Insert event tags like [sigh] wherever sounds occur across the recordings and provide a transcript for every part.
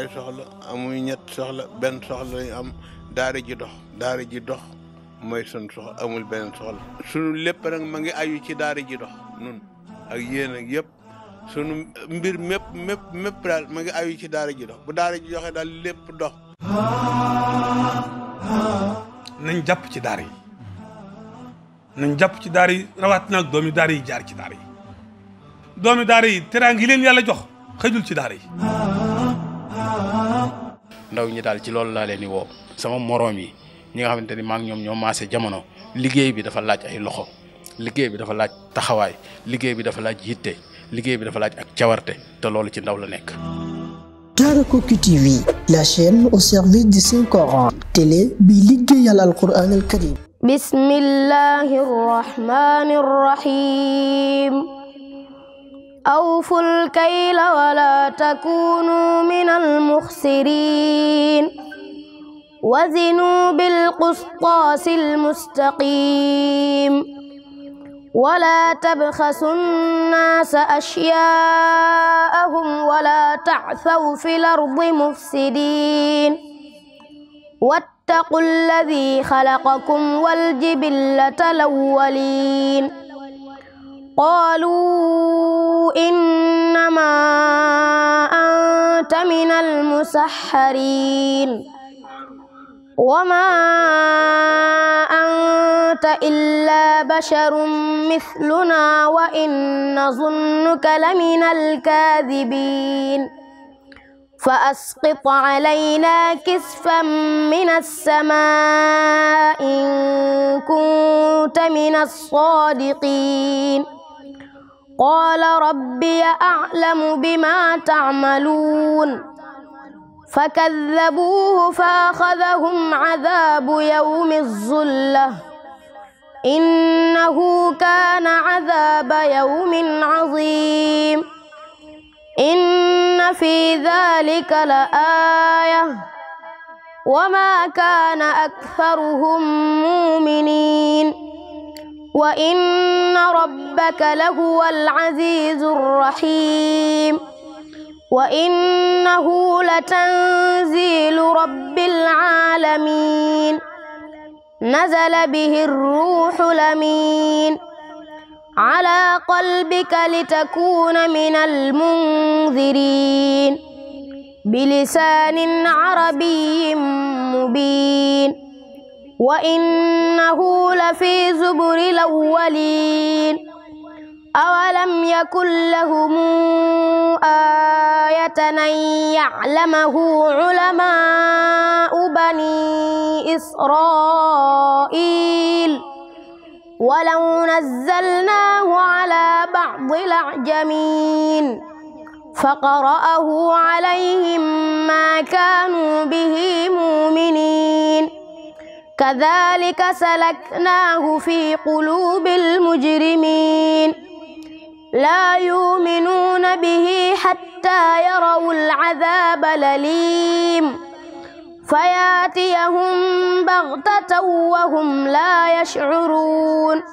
ñaari soxla amuñu ñett soxla benn soxla lañu am daara ji dox daara ji dox mooy sun soxla amul beneen soxla sunu lépp ma ngi ayu ci daara ji dox nun ak yéen ak sunu mbir mépp mépp mépp daal ma ngi ayu ci daara ji dox bu daara ji doxee daal lépp dox nañ jàpp ci daara yi jàpp ci daara yi doomi daara yi jaar ci daara yi doomi daara yàlla jox xëjul ci daar yi ndaw ñi daal ci loolu laa leen woo sama moroom yi ñi nga xamante ni maa ngi ñoom ñoo maase jamono liggéey bi dafa laaj ay loxo liggéey bi dafa laaj taxawaay liggéey bi dafa laaj yitte liggéey bi dafa laaj ak cawarte te loolu ci ndaw la nekk. Daarakoki TV la chaîne au service du Saint Coran télé bi liggéeyal Alquran al Karim. Bismillahir Rahmanir Rahim. أوفوا الكيل ولا تكونوا من المخسرين وزنوا بالقسطاس المستقيم ولا تبخسوا الناس أشياءهم ولا تعثوا في الأرض مفسدين واتقوا الذي خلقكم والجبلة الأولين قالوا إنما أنت من المسحرين وما أنت إلا بشر مثلنا وإن نظنك لمن الكاذبين فأسقط علينا كسفا من السماء إن كنت من الصادقين qaala rabbi a'lamu bimaa ta'maluun fakaddabuuhu fa axadahum cadaabu yawmi zulla innahu kaana cadaaba yawmin caziim inna fi daalika la aaya wa maa kaana aktaruhum mu'miniin wa inna rabbaka lahuwal azizur rahim wa innahu latanzilu rabbil alamin nazala bihir ruhul amin ala qalbika litakuna minal munzirin bilisanin arabiyyin mubin وإنه لفي زبر الأولين أولم يكن لهم آية أن يعلمه علماء بني إسرائيل ولو نزلناه على بعض الأعجمين فقرأه عليهم ما كانوا به مؤمنين kadhalika salaknaahu fi quluubil mujrimiin laa yu'minuuna bihi hattaa yarawul azaabal aliim fayaatiyahum baghtatan wa hum laa yash'uruun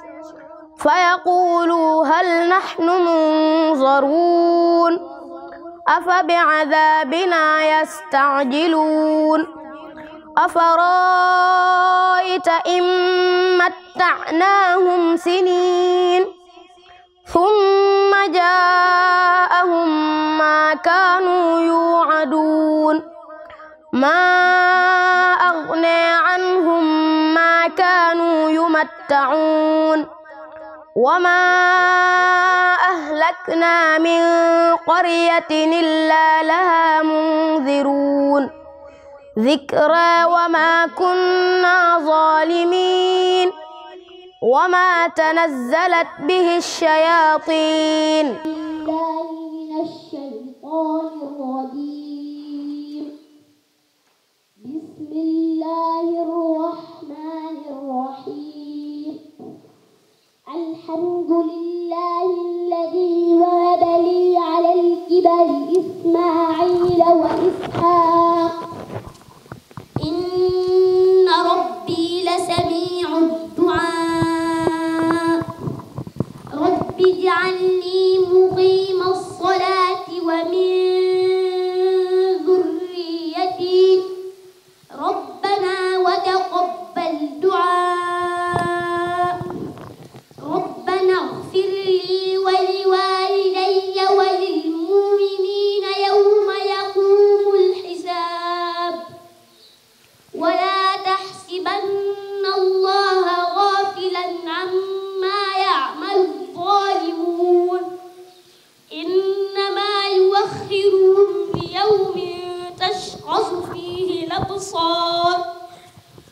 fayaquuluu hal nahnu munzaruun afabi'azaabinaa yasta'jiluun أفرأيت إن متعناهم سنين ثم جاءهم ما كانوا يوعدون ما أغنى عنهم ما كانوا يمتعون وما أهلكنا من قرية إلا لها منذرون ذكرى وما كنا ظالمين وما تنزلت به الشياطين بسم الله الرحمن الرحيم الحمد لله الذي وهب لي على الكبر إسماعيل وإسحاق ربي لسميع الدعاء رب اجعلني مقيم الصلاة ومن ذريتي ربنا وتقبل دعاء ربنا اغفر لي ولوالدي الأبصار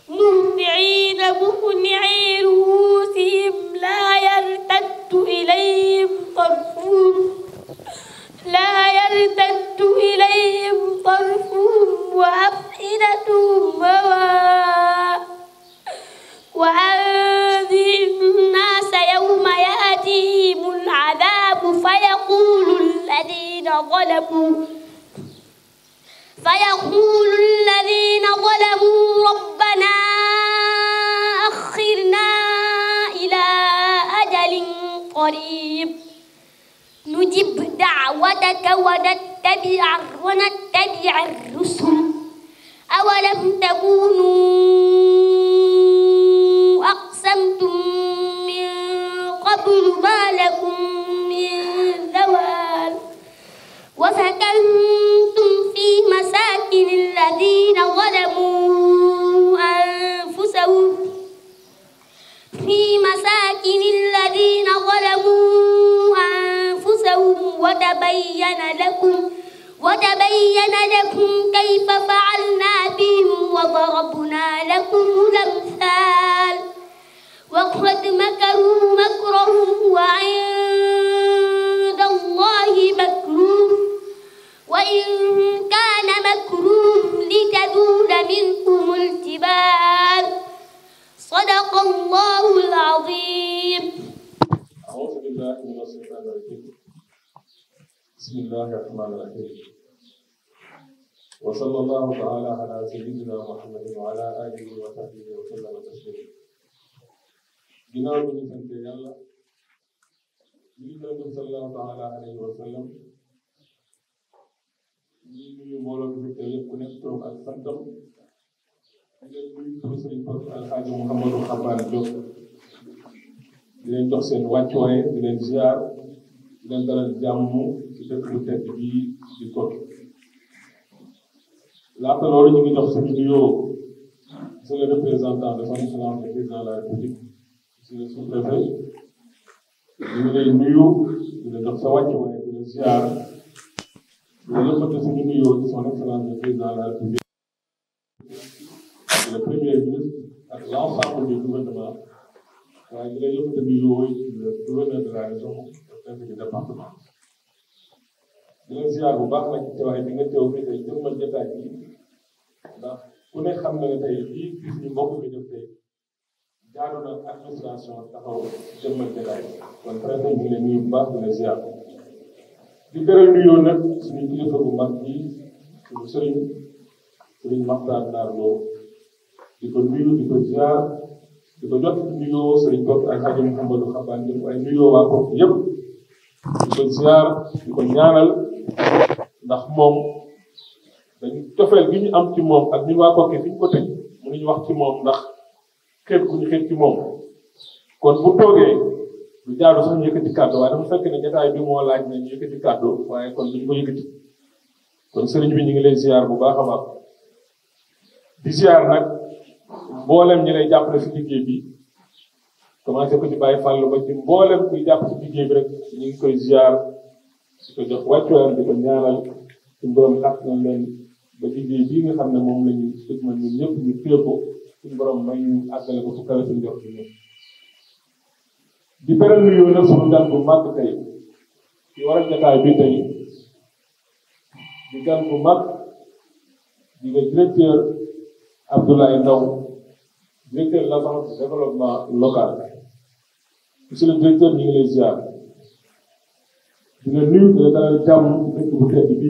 مهطعين مقنعي رؤوسهم لا يرتد إليهم طرفهم لا يرتد إليهم طرفهم وأفئدتهم هواء وأنذر الناس يوم يأتيهم العذاب فيقول الذين ظلموا فيقول الذين ظلموا ربنا أخرنا إلى أجل قريب نجب دعوتك ونتبع ونتبع الرسل أولم تكونوا أقسمتم من قبل ما لكم من زوال وسكنتم ظلموا أنفسهم في مساكن الذين ظلموا أنفسهم وتبين لكم وتبين لكم كيف فعلنا بهم وضربنا لكم الأمثال وقد مكروا مكرهم وعند الله مكرهم وإن كان مكرهم لتدور منكم الجبال صدق الله العظيم أعوذ بالله من الشيطان الرجيم بسم الله الرحمن الرحيم وصلى الله تعالى على سيدنا محمد وعلى آله وصحبه وسلم تسليما ginnaaw bi ñu sant yàlla ñu ngi doon sallallahu taala alayhi wa sallam ñii nuyu mbooloo bi fi yëpp nekk turam ak santam di leen nuyu turu sëriñ Fallou jox seen wàccuwaay di leen ziar di leen dalal jàmm ci dëkk bu tedd bii di ko jox suñu nuyoo monsieur le représentant de son excellence le président de la république monsieur le sous nuyu di jox sa wàccuwaay di la ziar. ñu lëkkate suñu nuyoo ci son excellence le président de la République ak le premier ministre ak l' ensemble du gouvernement waaye di la yëkkate nuyoo le gouverneur de la du département di leen bu baax nag ci teewaay bi nga teew fii tey bi ndax ku ne xam ne tey lii gis ñu mbokk bi def tey jaadu na administration taxaw jëmmal jotaay kon préfet ñu ngi leen nuyu bu baax di la di beral nuyoo nag suñu kilifa bu mag bi suñu sëriñ sëriñ Maxtaar Naar Lo di ko nuyu di ko ziar di ko jot nuyoo sëriñ Bopp ak Xaji Mouhamadou Xabaan di ko ay nuyoo waa Bopp yëpp di ko ziar di ko ñaanal ndax moom dañu cofeel gi ñu am ci moom ak ñun waa Kokki fi ñu ko teg mënuñu wax ci moom ndax xeet ku ñu xeet ci moom kon bu toogee lu jaadu sax ñu yëkkati kàddu waaye dafa fekk ne jotaay bi moo laaj ne ñu yëkkati kàddu waaye kon duñ ko yëkkati kon bi ñu ngi lay ziar bu baax a baax di ziar nag mboolem ñi lay jàppale si liggéey bi commencé ko ci bàyyi fàllu ba ci mboolem kuy liggéey rek ñu ngi koy ziar di ko jox wàccuwaay di ko ñaanal ci borom ba liggéey bii nga xam ne moom la ñu dëgmal ñun ñëpp ñu téye ko suñu borom may ñu àggale ko di beral nuyoo nag bu mag tey ci waral jotaay bi tey di gan bu mag di le directeur Abdoulaye Ndaw directeur de l'agence de développement local monsieur le directeur ñu ngi lay ziar di di bu tedd di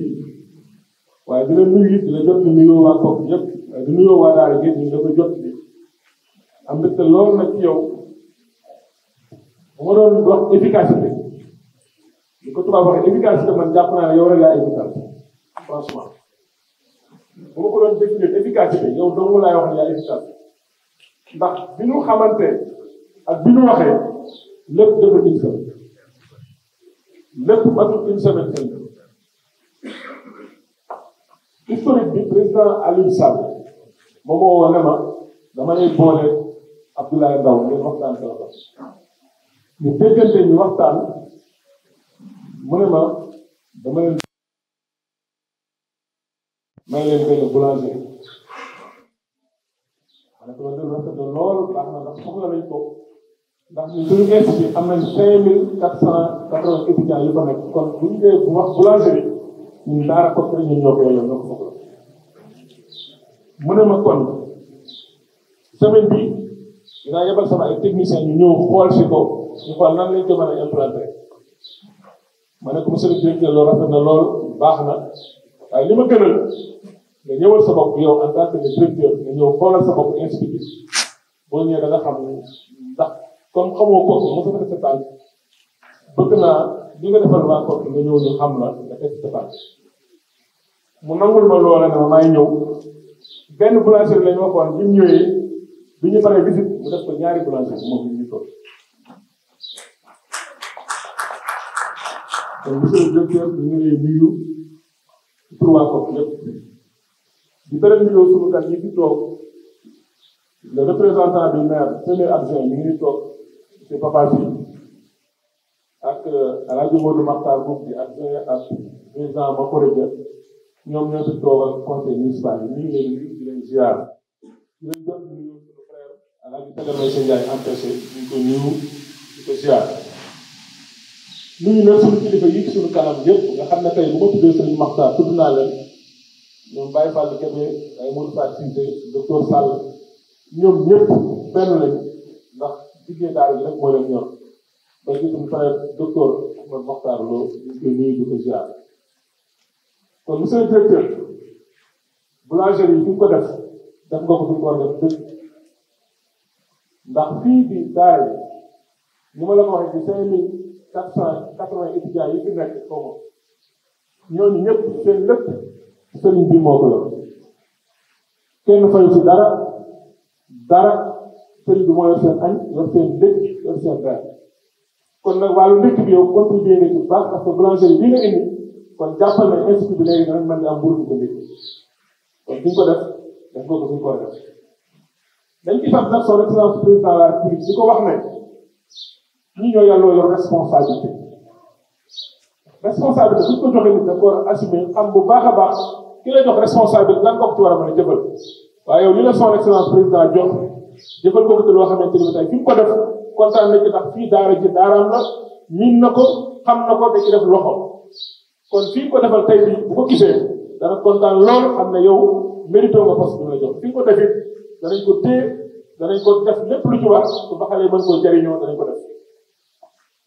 la nuyu it di di nuyoo waa waa daara gi ñu ngi la ko jot bi am mbégte lool nag ci bu ma doon wax ko tubaab waxee efficacité man naa ne yow rek laa efficace franchement bu ma ko doon définir efficacité yow dong laay bi ñu xamante ak bi ñu waxee lépp dafa une semaine lépp matul une semaine seen bi président Aliou Sall moom woo ne dama lay boole Abdoulaye Ndao ngeen waxtaan téléphone ñu déggante ñu waxtaan mu ne ma dama leen may leen benn boulanger ma ne ko ma def rafet na lool baax na ndax soxla nañ ko ndax ñu suñu gerte bi am nañ cinq mille quatre cent quatre-vingts étudiants yu ko nekk kon bu ñu dee bu wax boulanger bi ñun daara ko fële ñu ñoo ko yelloo ñoo ko soxla mu ne ma kon semaine bi dinaa yebal sama ay techniciens ñu ñëw xool si ko ñu xool nan lañ ko mën a implanté ma ne ko monsieur le directeur loolu rafet na lool baax na waaye li ma gënal nga ñëwal sa bopp yow en tant que directeur nga ñëw xoolal sa bopp institut boo ñëwee da nga xam ndax comme xamoo ko mos a def sa tànk bëgg naa li nga defal waa Koki nga ñëw ñu xam la nga teg sa tànk mu nangul ma loola ne ma maay ñëw benn boulangerie lañ waxoon bi ñu ñëwee bi ñu paree visite mu def ko ñaari boulangerie moom kon monsieur le directeur ñu ngi lay nuyu pour waa COP yëpp di bëri nuyoo toog le représentant du maire premier adjoint mi ngi Papa Sy ak El euh, Hadj Modou Makhtar Boub di adjoint ak président Makhore Dia ñoom ñoo fi municipal yi ñu ngi leen nuyu di leen ziar di leen jot nuyu nuyu na suñu nga xam ne tey bu ma tuddee Serigne Makhtar tudd naa leen ñoom Baye Fall Kébé ay Mourou Fall Cissé docteur ñoom ñëpp benn lañ ndax liggéey daal rek moo leen ñor ba gis suñu frère docteur Ahmed Makhtar Lo ñu koy nuyu di ko ziar kon monsieur le directeur boulangerie yi fi ko def def nga ko fi ko def dëkk ndax fii di daara ni ma la ko waxee ci cinq mille quatre cent quatre-vingts yi fi nekk xaw ma ñooñu seen lépp sëriñ bi moo ko yor kenn fayu si dara dara sëriñ bi moo seen añ yor seen dëkk yor seen dara kon nag wàllu ndekki bi yow contribué nga ci kon jàppal na institut bi léegi danañ mën di am mburu bu ko ndékki kon fi def dañ ko ko fi ko def dañ ci sax nag son excellence président de la République di ko wax ne lii ñoo yàlla yor responsabilité responsabilité bu ñu ko joxee nit da war a assumer am bu baax a baax ki la jox responsabilité lan nga ko ci waaye yow li la son excellence président ko te xamante ni tey fi ko def kontaan na ci ndax fii daara ji daaraam na ko xam kon fii ko defal tey bi kontaan lool xam ne yow mérito que du la ko defit danañ ko téye danañ ko def lépp lu ci war su ba xale koo jariñoo danañ ko def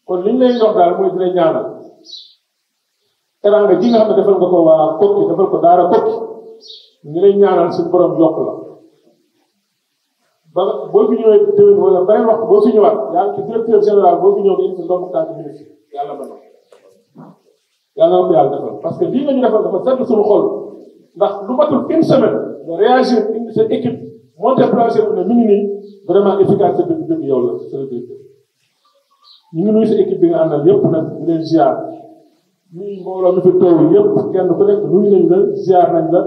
kon li lay jox daal mooy dina ñaanal teraanga ji nga xam ne defal ko waa Koki defal ko daara Koki ñu lay ñaanal suñu borom yokk la ba boo fi ñëwee déwén wala beneen waxtu boo fi ñëwaat yàlla ci directeur général boo fi ñëw nga indi doomu tànk ministre yàlla mën na yàlla ko yàlla defal parce que lii nga ñu defal dafa sedd suñu xol ndax lu matul une semaine nga réagir indi sa équipe monté plancher bu ne mi ngi nii vraiment efficacité bi ñu ngi nuyu si équipe bi nga àndal yëpp nag di leen ziar ñun mbooloo mi fi teew yëpp kenn ku nekk nuyu nañ la ziar nañ la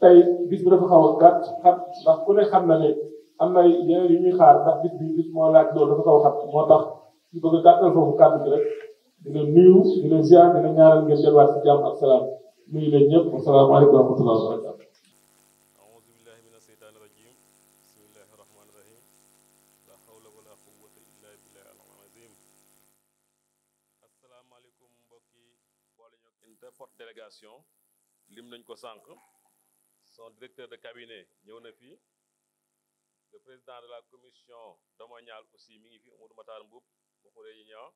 tey bis bi dafa xaw a gàtt ndax ku ne xam na ne am na yeneen yu ñuy xaar ndax bis bi moo laaj loolu dafa xaw a moo tax ñu bëgg a gàttal foofu kàddu gi rek di leen nuyu di leen ziar di leen ñaanal ngeen salaam nuyu délégation lim nañ ko sànq son directeur de cabinet ñëw na fii le président de la commission domaniale aussi mi ngi fi Amadou Matar Mboup mu xure yi ñoo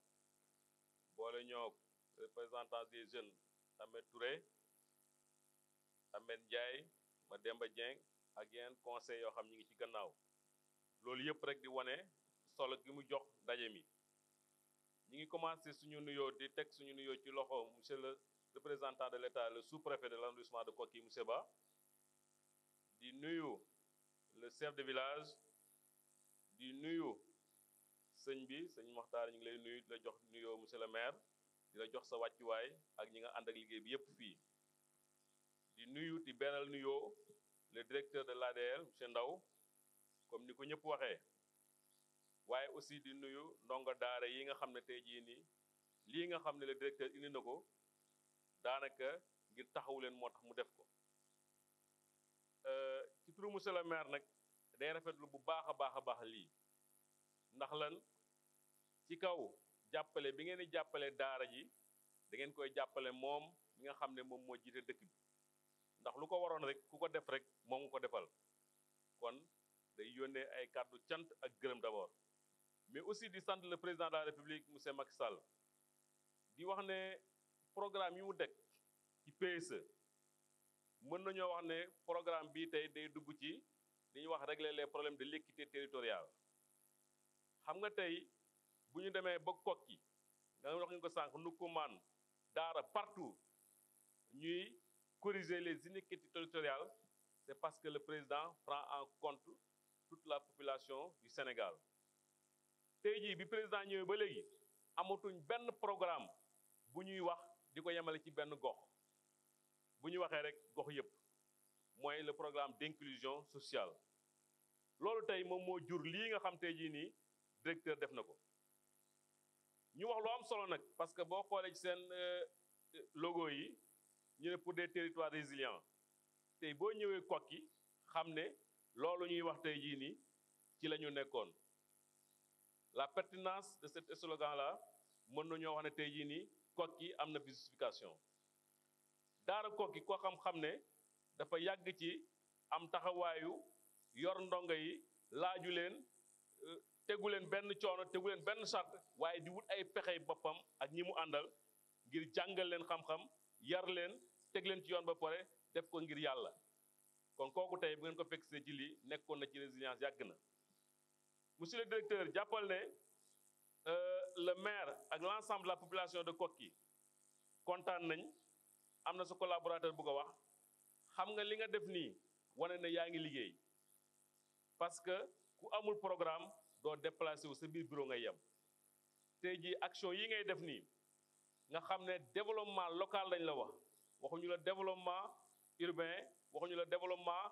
boole ñoo représentant des jeunes Ahmed Touré Ahmed ma Mademba Dieng ak yeneen conseil yoo xam ñi ngi ci gannaaw loolu yëpp rek di wane solo gi mu jox ndaje mi ñi ngi commencé suñu nuyoo di teg suñu nuyoo ci loxo monsieur le représentant de l'État le sous-préfet de l'arrondissement de Koki Moussa Ba di nuyu le chef de village di nuyu sëñ bi sëñ Maxtaar ñu ngi lay nuyu di la jox nuyoo monsieur le maire di la jox sa wàccuwaay ak ñi nga ànd ak liggéey bi yépp fii di nuyu di beral nuyoo le directeur de l'ADL monsieur Ndaw comme ni ko ñëpp waxee waaye aussi di nuyu ndongo daara yi nga xam ne tey jii nii lii nga xam ne le directeur indi na ko daanaka ngir taxawu leen moo tax mu def ko euh, ci turu monsieur le maire nag day rafetlu bu baax a baax a baax lii ndax lan ci kaw jàppale bi ngeen di jàppale daara ji da ngeen koy jàppale moom mi nga xam ne moom moo jiite dëkk bi ndax lu ko waroon rek ku ko def rek moom nga ko defal kon day yónnee ay kàddu cant ak gërëm d'abord mais aussi di sant le président daal la république monsieur Macky Sall di wax ne programme yi mu teg ci PSE mën nañoo wax ne programme bii tey day dugg ci li ñuy wax régler les problèmes de l'équité territoriale xam nga tey bu ñu demee ba kokki nga wax ñu ko sànq Ndoukoumane daara partout ñuy corriger les inéquités territoriales c'est parce que le président prend en compte toute la population du Sénégal tey jii bi président ñëwee ba léegi amatuñ benn programme bu ñuy wax di ko yemale ci benn gox bu ñu waxee rek gox yëpp mooy le programme d'inclusion sociale loolu tey moom moo jur lii nga xam tey jii nii directeur def na ko ñu wax lu am solo nag parce que boo xoolee ci seen euh, euh, logo yi ñu ne pour des territoires résilients tey boo ñëwee kokki xam ne loolu ñuy wax tey jii nii ci la ñu nekkoon la pertinence de cet slogan là mën nañoo wax ne tey jii nii kokki am na fi justification daara kokki ko xam-xam ne dafa yàgg ci am taxawaayu yor ndongo yi laaju leen euh, tegu leen benn coono tegu leen benn sart waaye di wut ay pexey boppam ak ñi mu àndal ngir jàngal leen xam-xam yar leen teg leen ci yoon ba pare def ko ngir yàlla kon kooku tey bu ngeen ko fekk see ci lii nekkoon na ci résilience yàgg na monsieur le directeur jàppal ne la maire ak l' ensemble de la population de Koki kontaan nañ am na sa collaborateur bu ko wax xam nga li nga def nii wane na yaa ngi liggéey parce que ku amul programme doo déplacé wu sa biir bureau ngay yem tey jii action yi ngay def nii nga xam ne développement local lañ la wax waxuñu la développement urbain waxuñu la développement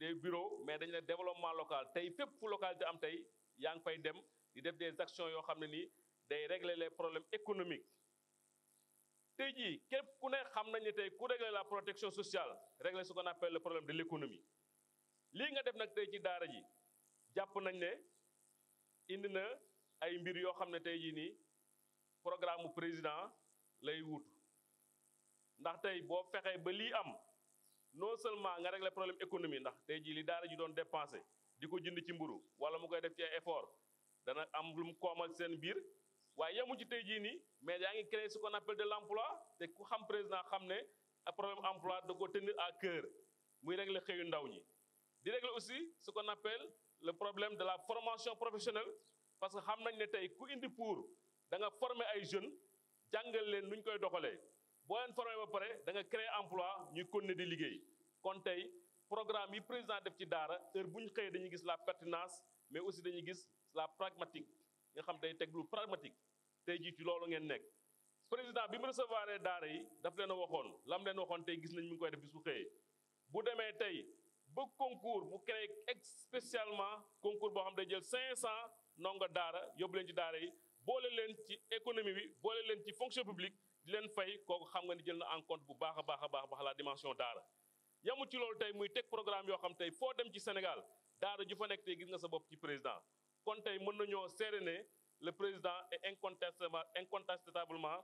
de bureaux mais dañ la développement local tey fépp fu localité am tey yaa ngi fay dem di def des actions yoo xam ne nii day réglé les problème économiques tey jii képp ku ne xam nañ ne tey ku régler la protection sociale régler ce qu'on problème de l'économie lii nga def nag tey ci daara ji jàpp nañ ne indi na ay mbir yoo xam ne tey jii nii programme mu président lay wut ndax tey boo fexee ba lii am non seulement nga régler problème économie ndax tey ji li daara ji doon dépensé di ko jënd ci mburu wala mu koy def ci ay effort dana am lu koomal seen biir waaye yemu ci tey jii nii mais yaa ngi créé ce qu'on de l'emploi te ku xam président xam ne problème emploi da ko tenir à cœur muy régler xëyu ndaw ñi di régler aussi ce qu'on appelle le problème de la formation professionnelle parce que xam nañ ne tey ku indi pour da nga former ay jeunes jàngal leen nu ñu koy doxalee boo leen formé ba pare da nga créer emploi ñuy continuer di liggéey kon tey programme yi président def ci daara heure bu ñu xëyee dañuy gis la pertinence mais aussi dañuy gis la pragmatique nga xam tey teg lu pragmatique tey jii ci loolu ngeen nekk. président bi mu recevoir daara yi daf leen a waxoon lam leen waxoon tey gis nañ mu ngi koy def bi su xëyee bu demee tey ba concours mu créé spécialement concours boo xam day jël 500 ndongo daara yóbbu leen ci daara yi boole leen ci économie bi boole leen ci fonction publique di leen fay kooku xam nga ni jël na en compte bu baax a baax a baax dimension daara. yamul ci loolu tey muy teg programme yoo xam tey foo dem ci Sénégal daara ju fa nekk tey gis nga sa bopp ci président kon tey mën nañoo seere ne le président et est incontestablement incontestablement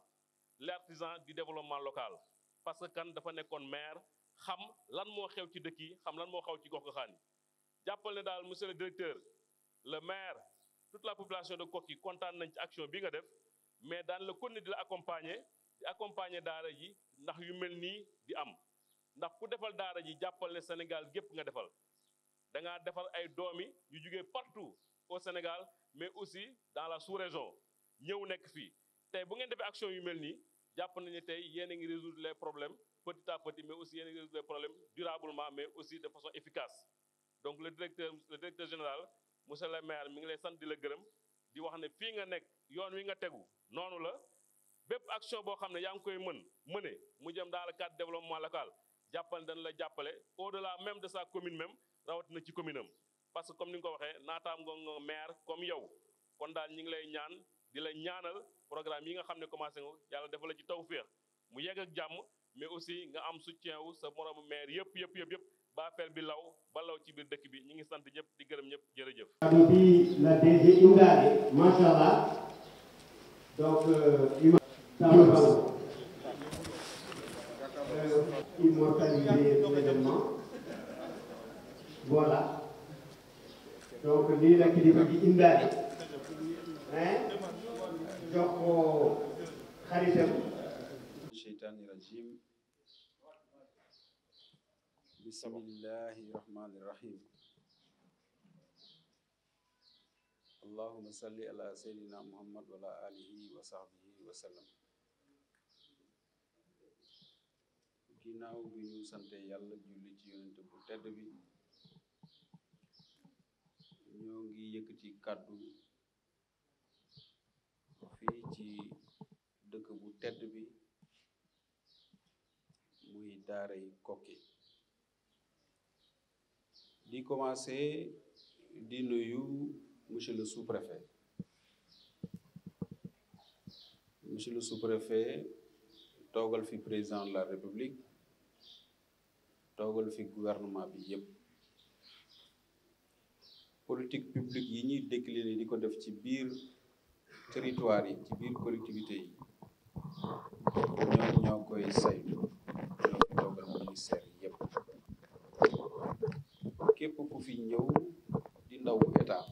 l'artisan du développement local parce que kan dafa nekkoon maire xam lan moo xew ci dëkk yi xam lan moo xew ci gox-goxaan yi jàppal ne daal monsieur le directeur le maire toute la population de Koki kontaan nañ ci action bi nga def mais daan la continuer di la accompagner di accompagner daara ji ndax yu mel nii di am ndax ku defal daara ji jàppal ne Sénégal gépp nga defal da ngaa defal ay doomi yu jugee partout au Sénégal mais aussi dans la sous-région ñëw nekk fii tey bu ngeen defee action yu mel nii jàpp nañu ne tey yéen a ngi résoudre les problèmes petit à petit mais aussi yéen a ngi résoudre les problèmes durablement mais aussi de façon efficace donc le directeur le général monsieur le maire mi ngi lay sant di la gërëm di wax ne fii nga nekk yoon wi nga tegu noonu la bépp action boo xam ne yaa ngi koy mën mëne mu jëm daal le cadre développement local jàppale dañ la jàppale au delà même de sa commune même rawatina ci commune am parce que comme ni nga ko waxee naataam nga maire comme yow kon daal ñu ngi lay ñaan di la ñaanal programme yi nga xam ne commencé nga yàlla dafa la ci tawféex mu yegg jàmm mais aussi nga am soutien wu sa moromu maire yëpp yëpp yëpp yëpp ba fel bi law ba law ci biir dëkk bi ñu ngi sant yëpp di gërëm ñëpp jërëjëf. bi la DG Yougane macha allah donc. Euh, euh, immortaliser l'événement donc lii la kilifa gi indaale hein jox ko xaritam sheytaani rajim bismillahi rahmani rahim allahuma salli ala sayyidina muhammad wa ala alihi wa sahbihi wa sallam ginnaaw bi ñu sante yàlla julli ci yonent bu tedd bi ñoo ngi yëkk ci kàddu fii ci dëkk bu tedd bi muy daaray Koki di commencé di nuyu monsieur le sous-préfet monsieur le sous-préfet toogal fi président de la république toogal fi gouvernement bi yépp politique publique yi ñuy décliner di ko def ci biir territoire yi ci biir collectivité yi ñoom ñoo koy saytu ñoo ko toogal ministère yépp képp ku fi ñëw di ndaw état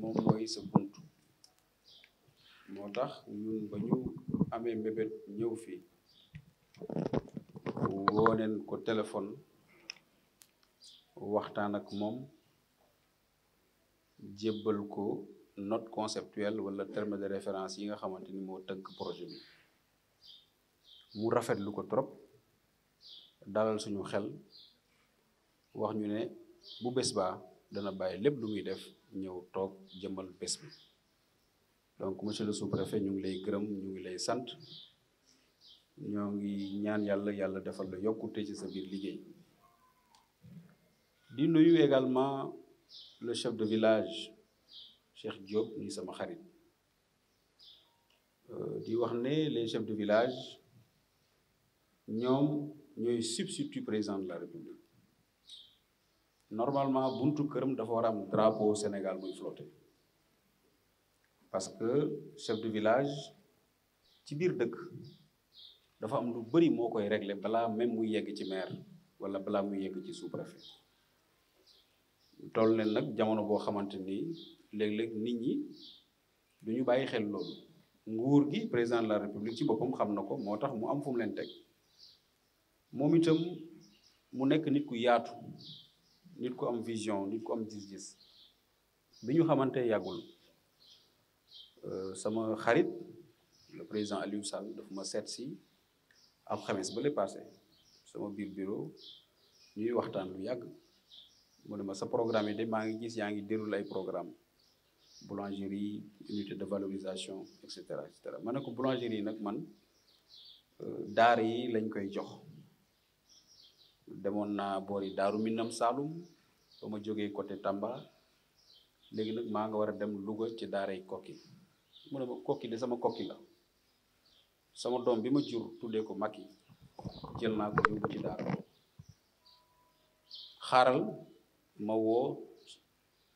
moom mooy sa bunt moo tax ñun ba ñu amee mbébét ñëw fii wooneen ko téléphone waxtaan ak moom jébbal ko not conceptuelle wala terme de référence yi nga xamante ni moo tënk projet bi mu rafetlu ko trop dalal suñu xel wax ñu ne bu bés baa dana bàyyi lépp lu muy def ñëw toog jëmal bés bi donc monsieur le sous ñu ngi lay gërëm ñu ngi lay sant ñoo ngi ñaan yàlla yàlla defal la yokkute ci sa biir liggéey di nuyu également. le chef de village Cheikh Diop ni sama xarit euh, di wax ne les chefs de village ñoom ñooy substitut président de la république normalement buntu këram dafa war a am drapeau Sénégal muy flotté parce que chef de village ci biir dëkk dafa am lu bëri moo koy réglé balaa même muy yegg ci maire wala balaa mu yegg ci sous-préfet toll leen nag jamono boo xamante nii léeg-léeg nit ñi du ñu bàyyi xel loolu nguur gi président de la république ci boppam xam na ko moo tax mu am fu leen teg moom itam mu nekk nit ku yaatu nit ku am vision nit ku am gis-gis bi ñu xamante yàggul euh, sama xarit le président Aliou sal daf ma seet si ab xames ba le passé sama biir bureau ñuy waxtaan lu yàgg mu ne ma sa programme yi de maa ngi gis yaa ngi déroulé ay programme boulangerie unité de valorisation et cetera et cetera ma ne ko boulangerie nag man euh, daara yi lañ koy jox demoon naa boori daaru Minam saalum ba ma jógee côté Tamba léegi nag maa nga war a dem Louga ci daaray kokki mu na ma kokki de sama kokki la sama doom bi ma jur tuddee ko Macky jël naa ko yóbbu ci daara xaaral ma woo